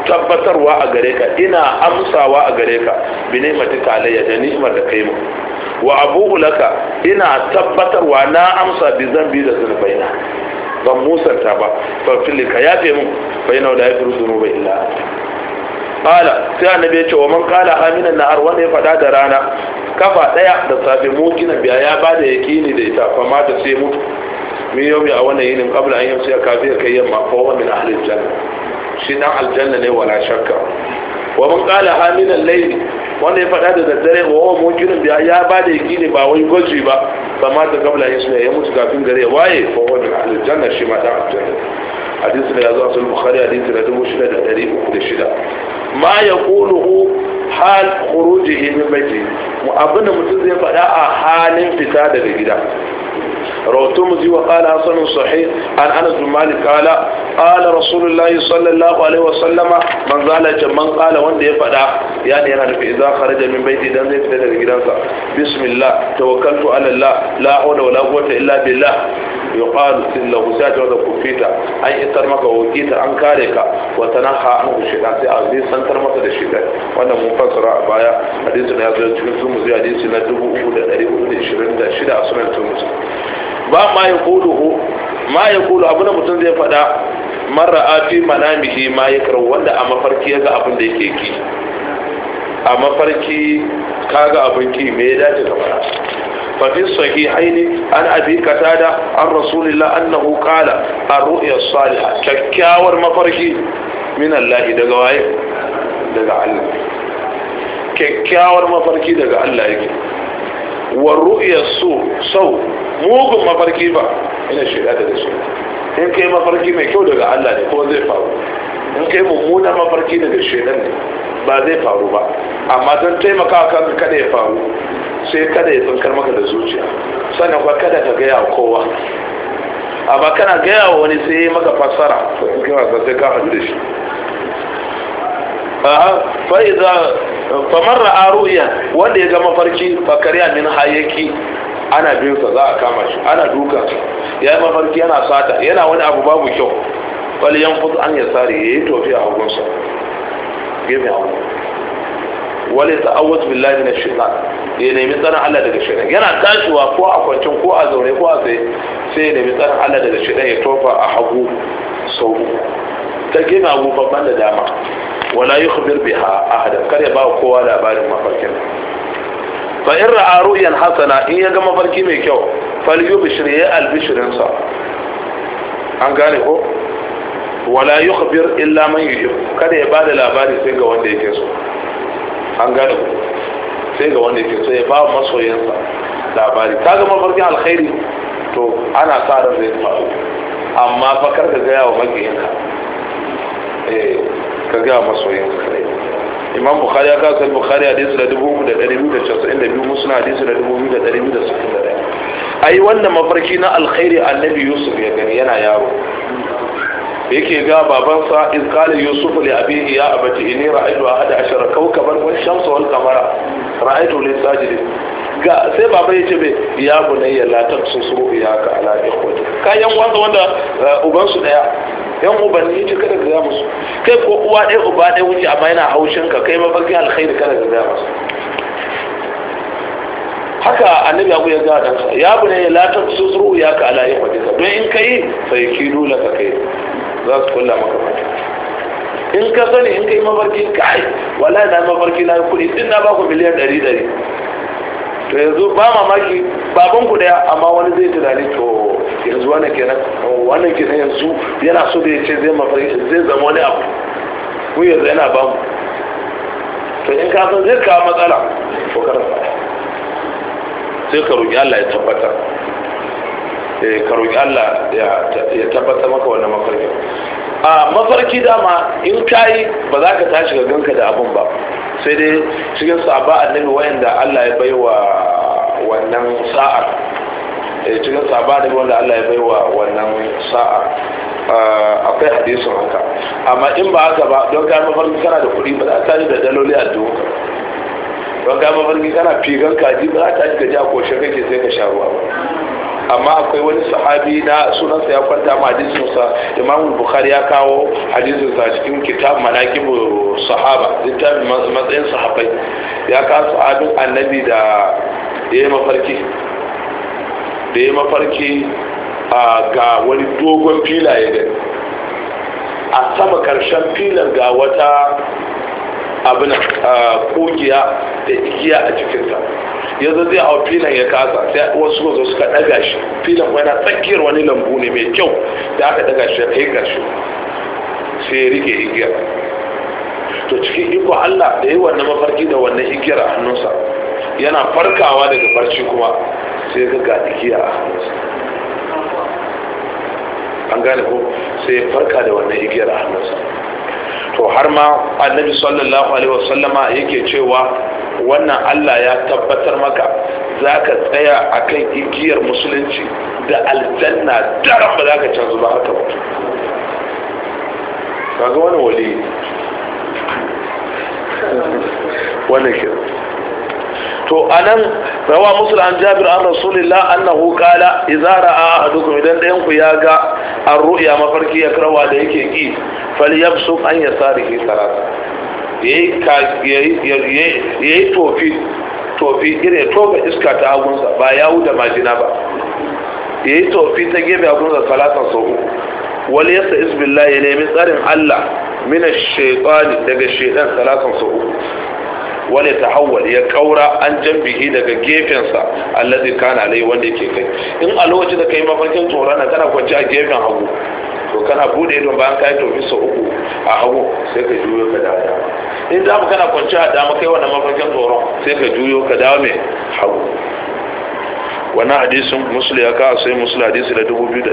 tabbatarwa a gare ka ina amsawa a gare ka bi ni'matika alayya da ni'mar da kai mu wa abu ulaka ina tabbatarwa na amsa bi zambi da zunubaina ban musanta ba fa filika yafe mu fa ya da yafiru zunubai illa qala sai annabi ya ce wa man qala aminan nahar wanda ya faɗa da rana kafa ɗaya da safe gina biya ya ba da yaƙini da ita fa mata sai mutu min yau a wannan yinin kabla an yamsu ya kafi ya kai yamma fa wa min ahlil janna shi dan aljanna ne wala shakka wa man qala haminan layli wanda ya faɗa da daddare wa wa mukinin biya ya ba da yaƙini ba wai gwaji ba fa mata kabla an yamsu ya mutu kafin gare waye fa wa min ahlil janna shi ma dan aljanna hadisin ya zo a sulhu bukhari hadisi na dubu shida da dari uku da shida ma ya ƙuluhu hal khurujihi min baiti mu abin da mutum zai faɗa a halin fita daga gida رواه الترمذي وقال حسن صحيح عن انس بن مالك قال قال رسول الله صلى الله عليه وسلم من قال من قال وند يا فدا يعني انا اذا خرج من بيتي دان زي fita daga gidansa bismillah tawakkaltu ala allah la hawla wala quwwata illa billah yuqal lahu sa'atu wa kufita an itar maka wakita an kare ka wa tanaha an shaytan sai an santar maka da shaytan wannan mun fassara a baya hadisin ya zo cikin sumu a ba ma ya kuluhu ma ya kulu abu da mutum zai faɗa mara a fi manamihi ma ya karu wanda a mafarki ya ga abin da yake ki a mafarki ka ga abin ki me ya dace ka fara fafin sahihaini an abi kata da an rasulullah annahu kala a ru'ya saliha kyakkyawar mafarki Minan allah daga waye daga allah kyakkyawar mafarki daga allah yake wa ru'ya su sau mugun mafarki ba ina shirya da shi in kai mafarki mai kyau daga Allah ne kuma zai faru in kai mummuna mafarki daga shedan ne ba zai faru ba amma don taimaka kan kada ya faru sai kada ya tsinkar maka da zuciya sannan kuma kada ka gaya wa kowa amma kana gaya wa wani sai ya maka fassara to in kai wasa sai ka hadu da shi fa marra aruya wanda ya ga mafarki kariya min hayaki ana bin sa za a kama shi ana duka ya yi mafarki yana sata yana wani abu babu kyau wani yan an ya sare ya yi tofi a hagunsa gefe a wani wani ta'awwaz billahi na shaitan ya nemi tsarin Allah daga shaitan yana tashiwa ko a kwancin ko a zaune ko a tsaye sai ya nemi tsarin Allah daga shaitan ya tofa a hagu sau ta gina abubuwan da dama wala yi yukhbir biha ahada kar ya ba kowa labarin mafarkin fa in ra'a ru'yan hasana in ya ga mafarki mai kyau fal yubshir ya yi sa an gane ko wala yi yukhbir illa man yi kada ya bada labari sai ga wanda yake so an gane ko sai ga wanda yake so ya ba masoyansa labari gama mafarkin alkhairi to ana sa ran zai faru amma fa kar ka wa magiyinka Eh, ka ga masoyin imam bukhari ya kasar bukhari a hadisi da 3292 da hadisi da a yi wannan mafarki na alkhairi annabi yusuf ya gani yana yaro yake ga babansa in qala yusuf li abihi ya abati inni ra'aytu ahada ashara kawkaban wal shamsa wal qamara ra'aytu li sajidi ga sai baba yace be ya bunayya la ya ru'yaka ala ikhwati kayan wanda wanda eh, uban su daya yan ubanni ce kada ka gaya musu kai ko uwa ɗaya uba ɗaya wuce amma yana haushin ka kai mafarkin alkhairi kada ka gaya musu haka annabi abu ya ga dan sa ya bune ne la ta suzuru ya ka ala yin don in kai sai ki dole ka kai za su kulla maka mata in ka sani in kai mafarki kai wallahi na mafarki na kuɗi din na ba ku miliyan ɗari ɗari to yanzu ba mamaki baban ku daya amma wani zai tunani to yanzu wannan kenan wannan kenan yanzu yana so da ya ce zai mafarki zai zama wani abu ku yanzu yana ba mu to in ka san zai kawo matsala ko karanta sai ka roƙi Allah ya tabbata eh, ka roƙi Allah ya tabbata maka wannan mafarki a mafarki dama in kai ba za ka tashi ga ganka da abun ba sai dai cikin sahaba annabi wayanda Allah ya baiwa wannan sa'a eh cikin sahaba annabi wanda Allah ya baiwa wannan sa'ar eh, akwai hadisin haka amma in ba haka ba don kayan mafarki kana da kuɗi ba za ta da daloli a don ka don kayan mafarki kana figan kaji ba za ta ji gaji a koshin kake sai ka sha ruwa ba amma akwai wani sahabi na sunansa ya kwanta ma hadisinsa imamu bukhari ya kawo hadisinsa cikin kitab manaqib sahaba littafin matsayin sahabai ya kawo sahabin annabi da ya yi mafarki da ya mafarki ga wani dogon filaye gani a sama karshen filar ga wata abin kogiya ah, da igiya a cikinta yanzu zai hau filan ya kasa sai wasu zo suka daga shi filan wani tsakiyar wani lambu ne mai kyau da aka daga shi ya kai shi sai ya rike igiyar to cikin iko allah da yi wannan mafarki da wannan igiyar a hannunsa yana farkawa daga farci kuma sai ga ga igiya a hannunsa an gane ko sai ya farka da wannan igiyar a hannunsa to har ma annabi sallallahu alaihi wasallama yake cewa wannan Allah ya tabbatar maka za ka tsaya a kan igiyar musulunci da aljanna dara ba zaka ka canzu ba haka ba kaga wani wali wani kira to anan rawa musul an jabir an rasulillah annahu qala idza ra'a ahadukum idan dayan ku ya ga arru'ya mafarki ya karwa da yake ki falyabsu an yasarihi salata yayi yayi yayi tofi tofi ire toga iska ta agunsa ba yawu da majina ba yayi tofi ta gebe agunsa salatan sau wali yasa isbillah ya nemi tsarin Allah mina shaitani daga shaitan salatan sau wani tahawwal ya kaura an jambihi daga gefensa allazi kana alai wanda yake kai in a lokacin da kai mafarkin tsoron nan kana kwanci a gefen hagu to kana bude don bayan kai to bisa uku a hagu sai ka juyo ka dawo dama in ka kana kwanci a dama kai wannan mafarkin tsoron sai ka juyo ka dawo mai hagu wannan hadisin musulun ya kawo sai musulun hadisi da 2262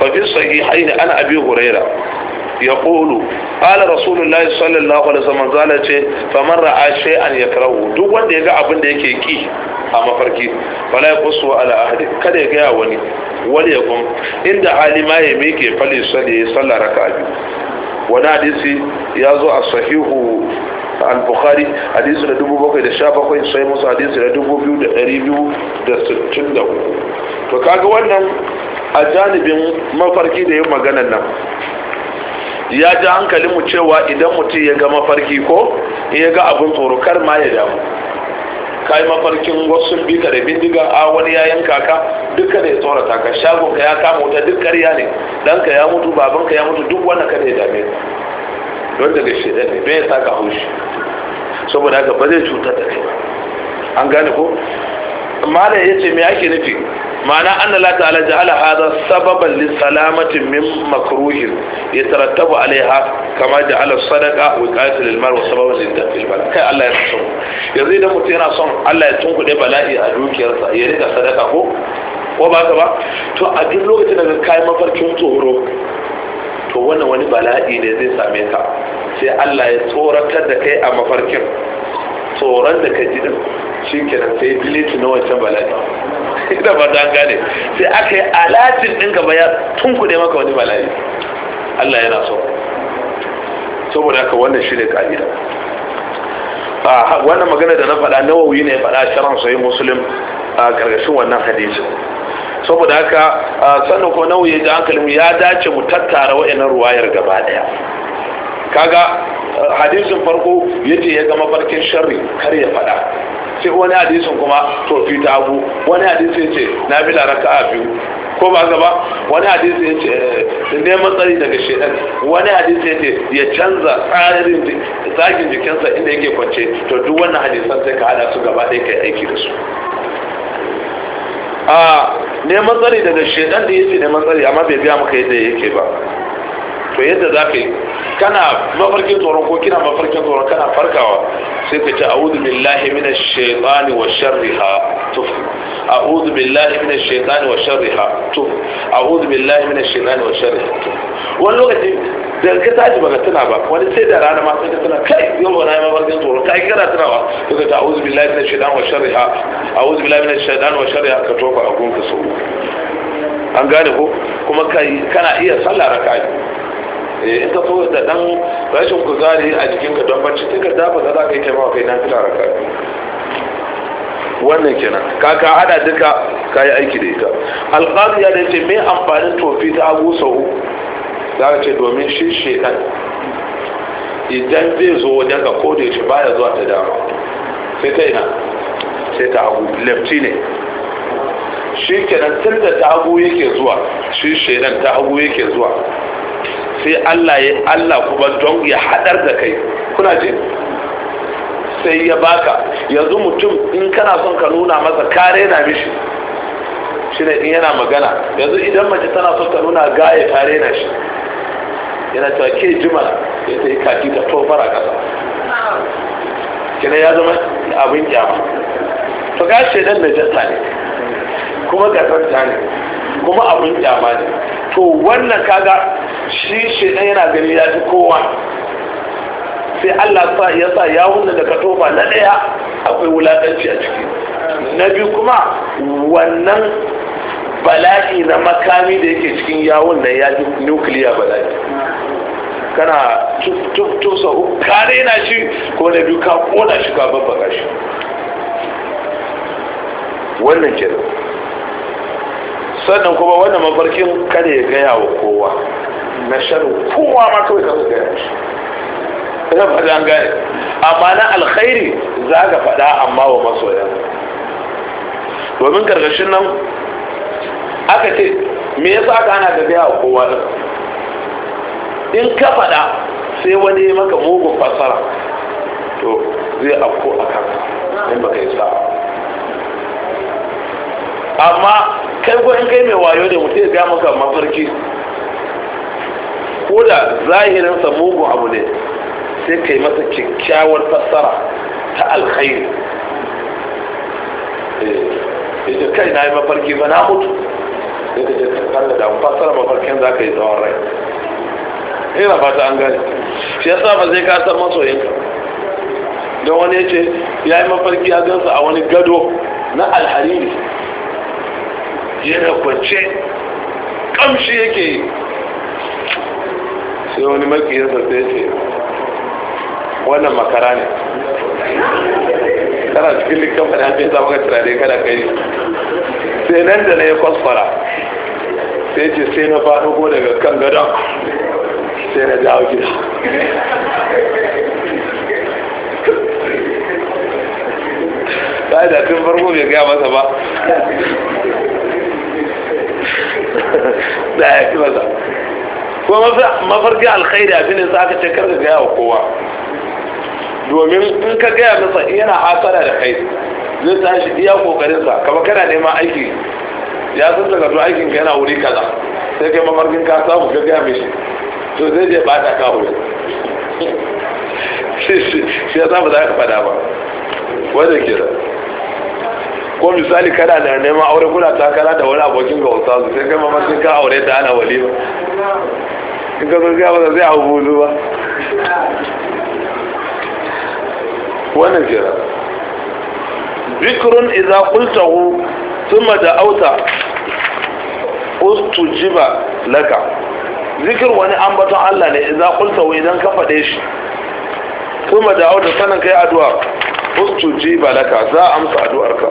fafi sahihaini ana abi huraira yaqulu qala rasulullahi sallallahu alaihi wasallam zala ce faman ra'a shay'an yakrahu duk wanda yaga abin da yake ki a mafarki wala yaqusu ala ahli kada ya ga wani wani ya kun inda hali ma ya mike fali salli sallar raka'a wani hadisi ya zo a sahihu al-bukhari hadisi sha bakwai sai musu hadisi da 2263 to kaga wannan a janibin mafarki da yin maganan nan ya ji hankalinmu cewa idan mutum ya ga mafarki ko ya ga abin tsoro kar ma ya damu ka yi mafarkin wasu bi ka da bindiga a wani yayin kaka duka da ya tsorata ka shagon ka ya kama wuta duk karya ne ka ya mutu babanka ya mutu duk wanda ka da ya dame don daga shaidan ne bai sa ka haushi saboda haka ba zai cutar da kai an gane ko mala ya ce me ake nufi ma'ana anna la ta'ala ja'ala hadha sababan lis salamati min makruhin yatarattabu alaiha kama ja'ala sadaqa wa qatil lil mar wa sababan lid dafil bala kai Allah ya so yanzu idan mutum yana son Allah ya tunkuɗe bala'i a dukiyarsa ya rika sadaka ko ko ba ka ba to a duk lokacin da kai mafarkin tsoro to wannan wani bala'i ne zai same ka sai Allah ya tsoratar da kai a mafarkin tsoron da ka ji din shi kenan sai biliti na wancan bala'i ina ba ta gane sai aka yi alatin din gaba ya tunkuɗe maka wani bala'i Allah yana so saboda haka wannan shi ne ka'ida wannan magana da na faɗa nawawi ne faɗa sharan sai musulun a gargashin wannan hadisin saboda haka sannan ko nawawi da hankalin ya dace mu tattara wa'annan ruwayar gaba daya kaga eh, hadisin farko yace ya zama barkin sharri kar ya faɗa sai wani hadisin kuma to fi ta abu wani hadisi yace na bi laraka a biyu ko ba gaba wani hadisi yace eh, neman tsari daga shedan wani hadisi yace ya canza tsarin zagin jikinsa inda yake kwance to duk wannan hadisan sai ka hada su gaba ɗaya kai aiki da su a ah, neman tsari daga shedan da yace neman tsari amma bai biya maka yadda yake ba to yadda za ka yi kana mafarkin tsoron ko kina mafarkin tsoron kana farkawa sai ka ce a'udu billahi minash shaitani wa sharriha tuf a'udu billahi mina shaitani wa sharriha tuf a'udu billahi mina shaitani wa sharriha tuf wani lokaci da ka tashi baka tuna ba wani sai da rana ma sai ka tuna kai yau ba na yi mafarkin tsoron kai kana tunawa sai ka ce a'udu billahi minash shaitani wa sharriha a'udu billahi mina shaitani wa sharriha ka tofa a gunka sau an gane ko kuma kana iya sallah raka'a Eh, in ka so da dan rashin kuzari a jikinka don bacci sai da ba da za ka yi taimawa kai na fila ka wannan kenan ka? Ka? hada duka ka yi aiki da ita alƙazi ya ce mai amfanin tofi ta abu sau za ka ce domin shi shekan idan zai zo wajen ka ko da baya zuwa ta dama sai ta ina sai ta abu lefti ne shi kenan tun da ta abu yake zuwa shi shekan ta abu yake zuwa sai Allah ya Allah kuma don ya hadar da kai kuna ji sai ya baka yanzu mutum in kana son ka nuna masa kare na mishi shine in yana magana yanzu idan mace tana son ka nuna gaye kare na shi yana cewa ke jima ya ta yi kaki ta tofara a ƙasa kina ya zama abin kyama to ga shaidan da jata ne kuma ta ne kuma abin kyama ne to wannan kaga shi ɗan yana gani ya fi kowa sai allah sa ya sa yawun da ka tofa na ɗaya akwai wulaɗanci a ciki na biyu kuma wannan bala'i na makami da yake cikin yawon nan ya fi nukiliya bala'i kana tufsa kare na shi ko na biyu ka kona shi ka babbaka shi wannan kenan sannan kuma wannan mafarkin kada ya gaya wa kowa na sharu kowa ma kawai ka su gaya ina ba zan gane amma na alkhairi za ka faɗa amma wa masoya domin gargashin nan aka ce me yasa aka ana ga gaya wa kowa din in ka faɗa sai wani ya maka mugun fassara to zai afko a kanka in baka yi sa'a amma kai ko in kai mai wayo da mutum ya ga maka mafarki koda zahirin zahirinsa mugun abu ne sai ka yi masa kyakkyawar fassara ta alkhairi ita eh, kai na yi mafarki ba na mutu sai ka je ka da fassara mafarkin za ka yi tsawon rai ina fata an gani. shi yasa ba zai ka san ka don wani ya ce ya yi mafarki ya gansa a wani gado na alhariri yana kwance kamshi yake sai wani makiyarsa sai ce wannan makara ne kana cikin likan fada sai ta maka turare kada kai sai nan da na ya kwasfara sai ce sai na faɗo ko daga kan gada sai na dawo gida ba da tun farko bai gaya masa ba da ya fi masa ko mafarki alkhairi abin da aka ce kar ka gaya wa kowa domin in ka gaya masa yana hasara da kai zai tashi iya kokarin sa kama kana neman aiki ya san daga zuwa aikin ka yana wuri kaza sai kai mafarkin ka samu ga gaya mishi to zai je bata ka wuri shi ya samu za ka fada ba wanda ke da ko misali kana da neman aure kuna takara da wani abokin ga wasu sai kai mafarkin ka aure da ana walima in ka zo ba masa zai abu buzu ba wannan kira bikirun iza kultahu thumma da auta ustu ustujiba laka zikir wani ambaton Allah ne iza kultahu idan ka faɗe shi thumma da auta sanan kai addu'a ustujiba laka za a amsa ka addu'arka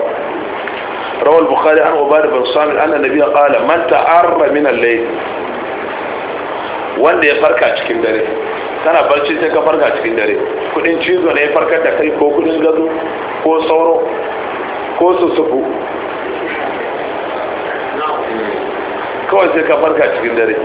روى البخاري عن عبادة بن صامت أن النبي قال من تعر من الليل wanda ya farka cikin dare tana barci sai ka farka cikin dare kudin cizo ne ya farkar da kai ko kudin gado ko sauro ko susufu kawai sai ka farka cikin dare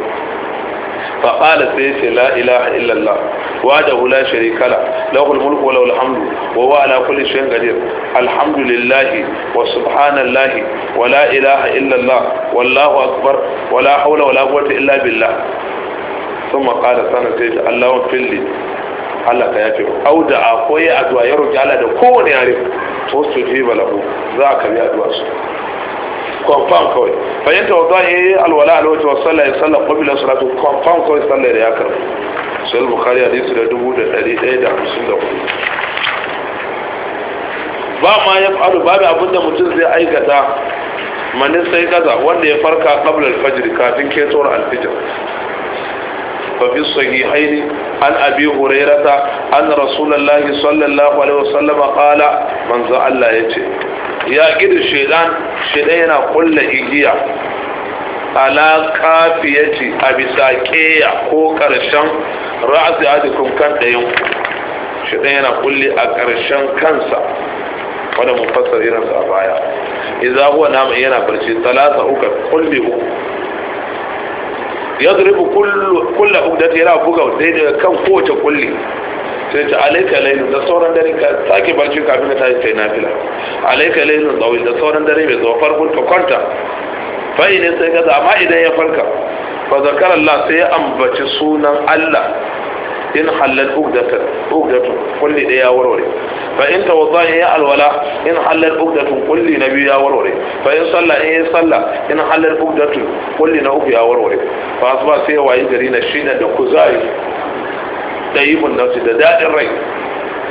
faɓaɗa sai ce la'ila illallah wa da hula shirikala lahul mulku wa lahul hamdu wa wa ala kulli shayin gadir alhamdulillah wa subhanallah wa la ilaha illallah wallahu akbar wa la hawla wa la quwwata illa billah sun maƙala sana sai ta allawan filli allah ka yafe au da a koyi addu'a ya roƙi allah da kowane yare to su ji balahu za a karbi addu'a su kwamfan kawai fahimta ta wadda ya yi alwala a lokacin wasu sallah ya sallah ƙwabilan kwamfan kawai sallar da ya karbi sai bukari hadisi da dubu da ɗari ɗaya da hamsin da hudu ba ma ya faru babu abinda mutum zai aikata manin sai gaza wanda ya farka ƙablar fajiri kafin ketowar alfijir ففي الصحيحين عن أبي هريرة أن رسول الله صلى الله عليه وسلم قال من زعل الله يتي يا قد الشيطان شيطان قل إجيا على كافيتي أبي ساكية كو كرشان رأس أدكم كان ديون شيطان قل أكرشان كنسا wanda mun fassara irin sa a baya idza huwa nama yana barci talata uku kulli uku ya zuribu kulla hudata yana buga sai daga kan kowace kulli sai ta alaika lailun da sauran dare ka sake barci kafin ta ta tashi kai nafila alaika lailun tsawil da sauran dare mai zuwa farkon ka kwanta fa'i ne sai gaza amma idan ya farka fa zakara Allah sai ya ambaci sunan Allah in halal ugdatun ugdatun kulli daya ya warware fa in tawadda ya alwala in halal ugdatun kulli na biyu ya warware fa in salla in ya salla in halal ugdatun kulli na uku ya warware fa asba sai wayi gari na shida da kuzari dayibun nafsi da dadin rai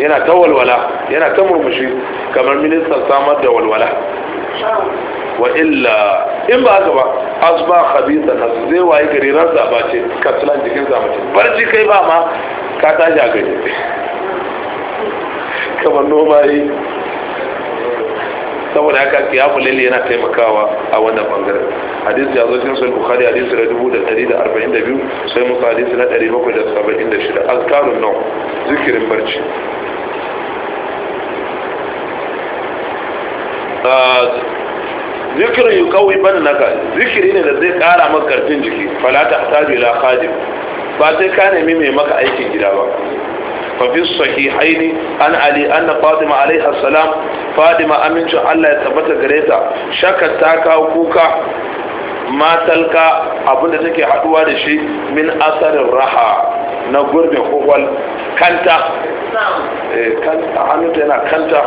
yana ta walwala yana ta murmushi kamar ministan samar da walwala wa illa in ba haka ba asba na su zai waye gari ran zaba ce katlan jikin zaba ce barci kai ba ma ka tashi a gari kamar noma yi saboda haka kiyamu lalle yana taimakawa a wannan bangaren hadisi ya zo cikin sahih bukhari arba'in da biyu sai musa hadisi na shida azkarun nau zikirin barci zikirin yi kawai bane naka zikiri ne da zai kara maka karfin jiki falata a tabi la ba sai ka nemi mai maka aikin gida ba fafi sahihaini an ali anna fatima alaihi assalam fatima amincin Allah ya tabbata gare ta shaka ta kawo kuka matalka abinda take haduwa da shi min asarin raha na gurbin kwakwal kanta eh, kanta yana kanta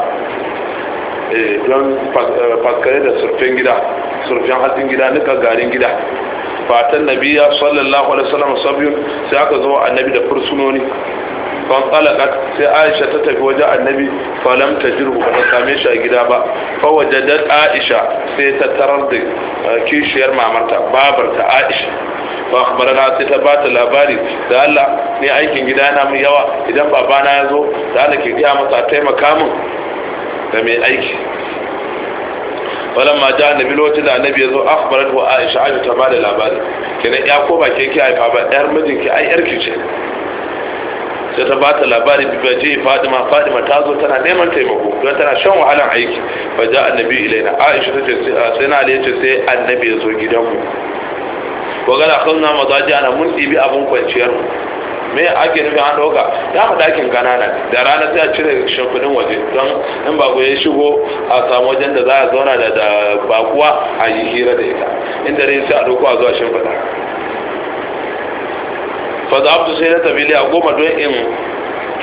Eh, don eh, faskare da surfin gida surfin hatin gida nika garin gida fatan nabiya sallallahu alaihi wasallam sabiyun sai aka zo annabi da fursunoni fanqalakat sai aisha ta tafi wajen annabi falam jirgu ba same shi a gida ba fa wajadat aisha sai ta tarar da eh, kishiyar mamarta babarta aisha kamar na sai ta bata labari da Allah ne aikin gida na mun yawa idan babana ya zo da Allah ke gaya masa taimaka min da mai aiki walamma ja annabi lokacin da annabi ya zo akhbarat wa aisha aisha ta bada labari kenan ya ko ba ke ki haifa ba yar mijin ki ai yarki ce sai ta bata labari ba je fadima fadima ta zo tana neman taimako don tana shan wahalan aiki fa ja annabi ilaina aisha ta ce sai ah, na ali ce sai annabi ya zo gidanmu wa gana kan na mazaji ana mun ɗibi abin kwanciyar mu me ake nufi an ɗauka ya mu dakin kanana da rana sai a cire shimfiɗin waje don in ku ya shigo a samu wajen da za a zauna da bakuwa a yi hira da ita inda dai sai a ɗauko a zuwa shimfiɗa fa za sai na tafi a goma don in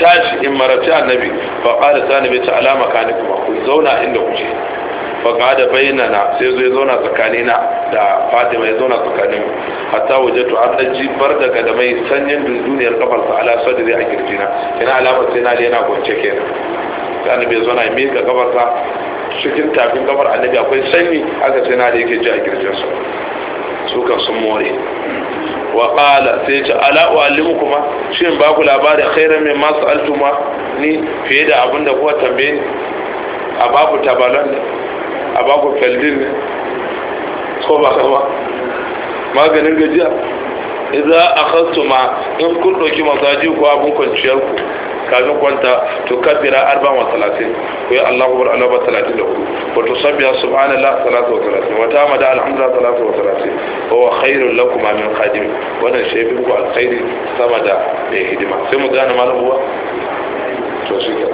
tashi in marati annabi fa qala sanabi ta alama kani kuma ku zauna inda kuke fa qala bainana sai zai zauna tsakanina da Fatima ya zauna tsakanin hatta wajatu an daji bar daga da mai sanyin duniyar kafar sa ala sadri a kirjina ina alama sai na yana gonce kenan sai annabi ya zauna ya mika kafar sa cikin tafin kafar annabi akwai sanyi aka sai na da yake ji a kirjinsa su kan sun more wa qala sai ce ala kuma shin ba ku labari khairan min ma sa'altuma ni fiye da abin da kuka tambaye ni a ba ku tabalon ne a ba ku feldin ne ko ba ka ba maganin gajiya idan akhadtuma in kun dauki mazaji ko abin kwanciyar ku kafin kwanta to kabbira arba wa talatin ko ya Allah kubar Allah talatin da hudu wa to sabbiya subhanallah talatu wa talatin wa ta mada alhamdulillah talatu wa talatin wa wa khairun lakum min qadim wannan shi bi ku alkhairi sama da mai hidima sai mu gane malam uwa to shi ke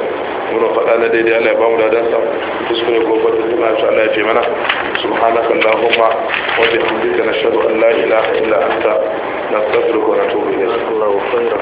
muna faɗa na daidai Allah ya ba mu da dansa kuskure ko ba da tuna shi Allah ya fi mana subhanaka allahumma wa bihamdika nashhadu an la ilaha illa anta نستغفرك ونتوب اليك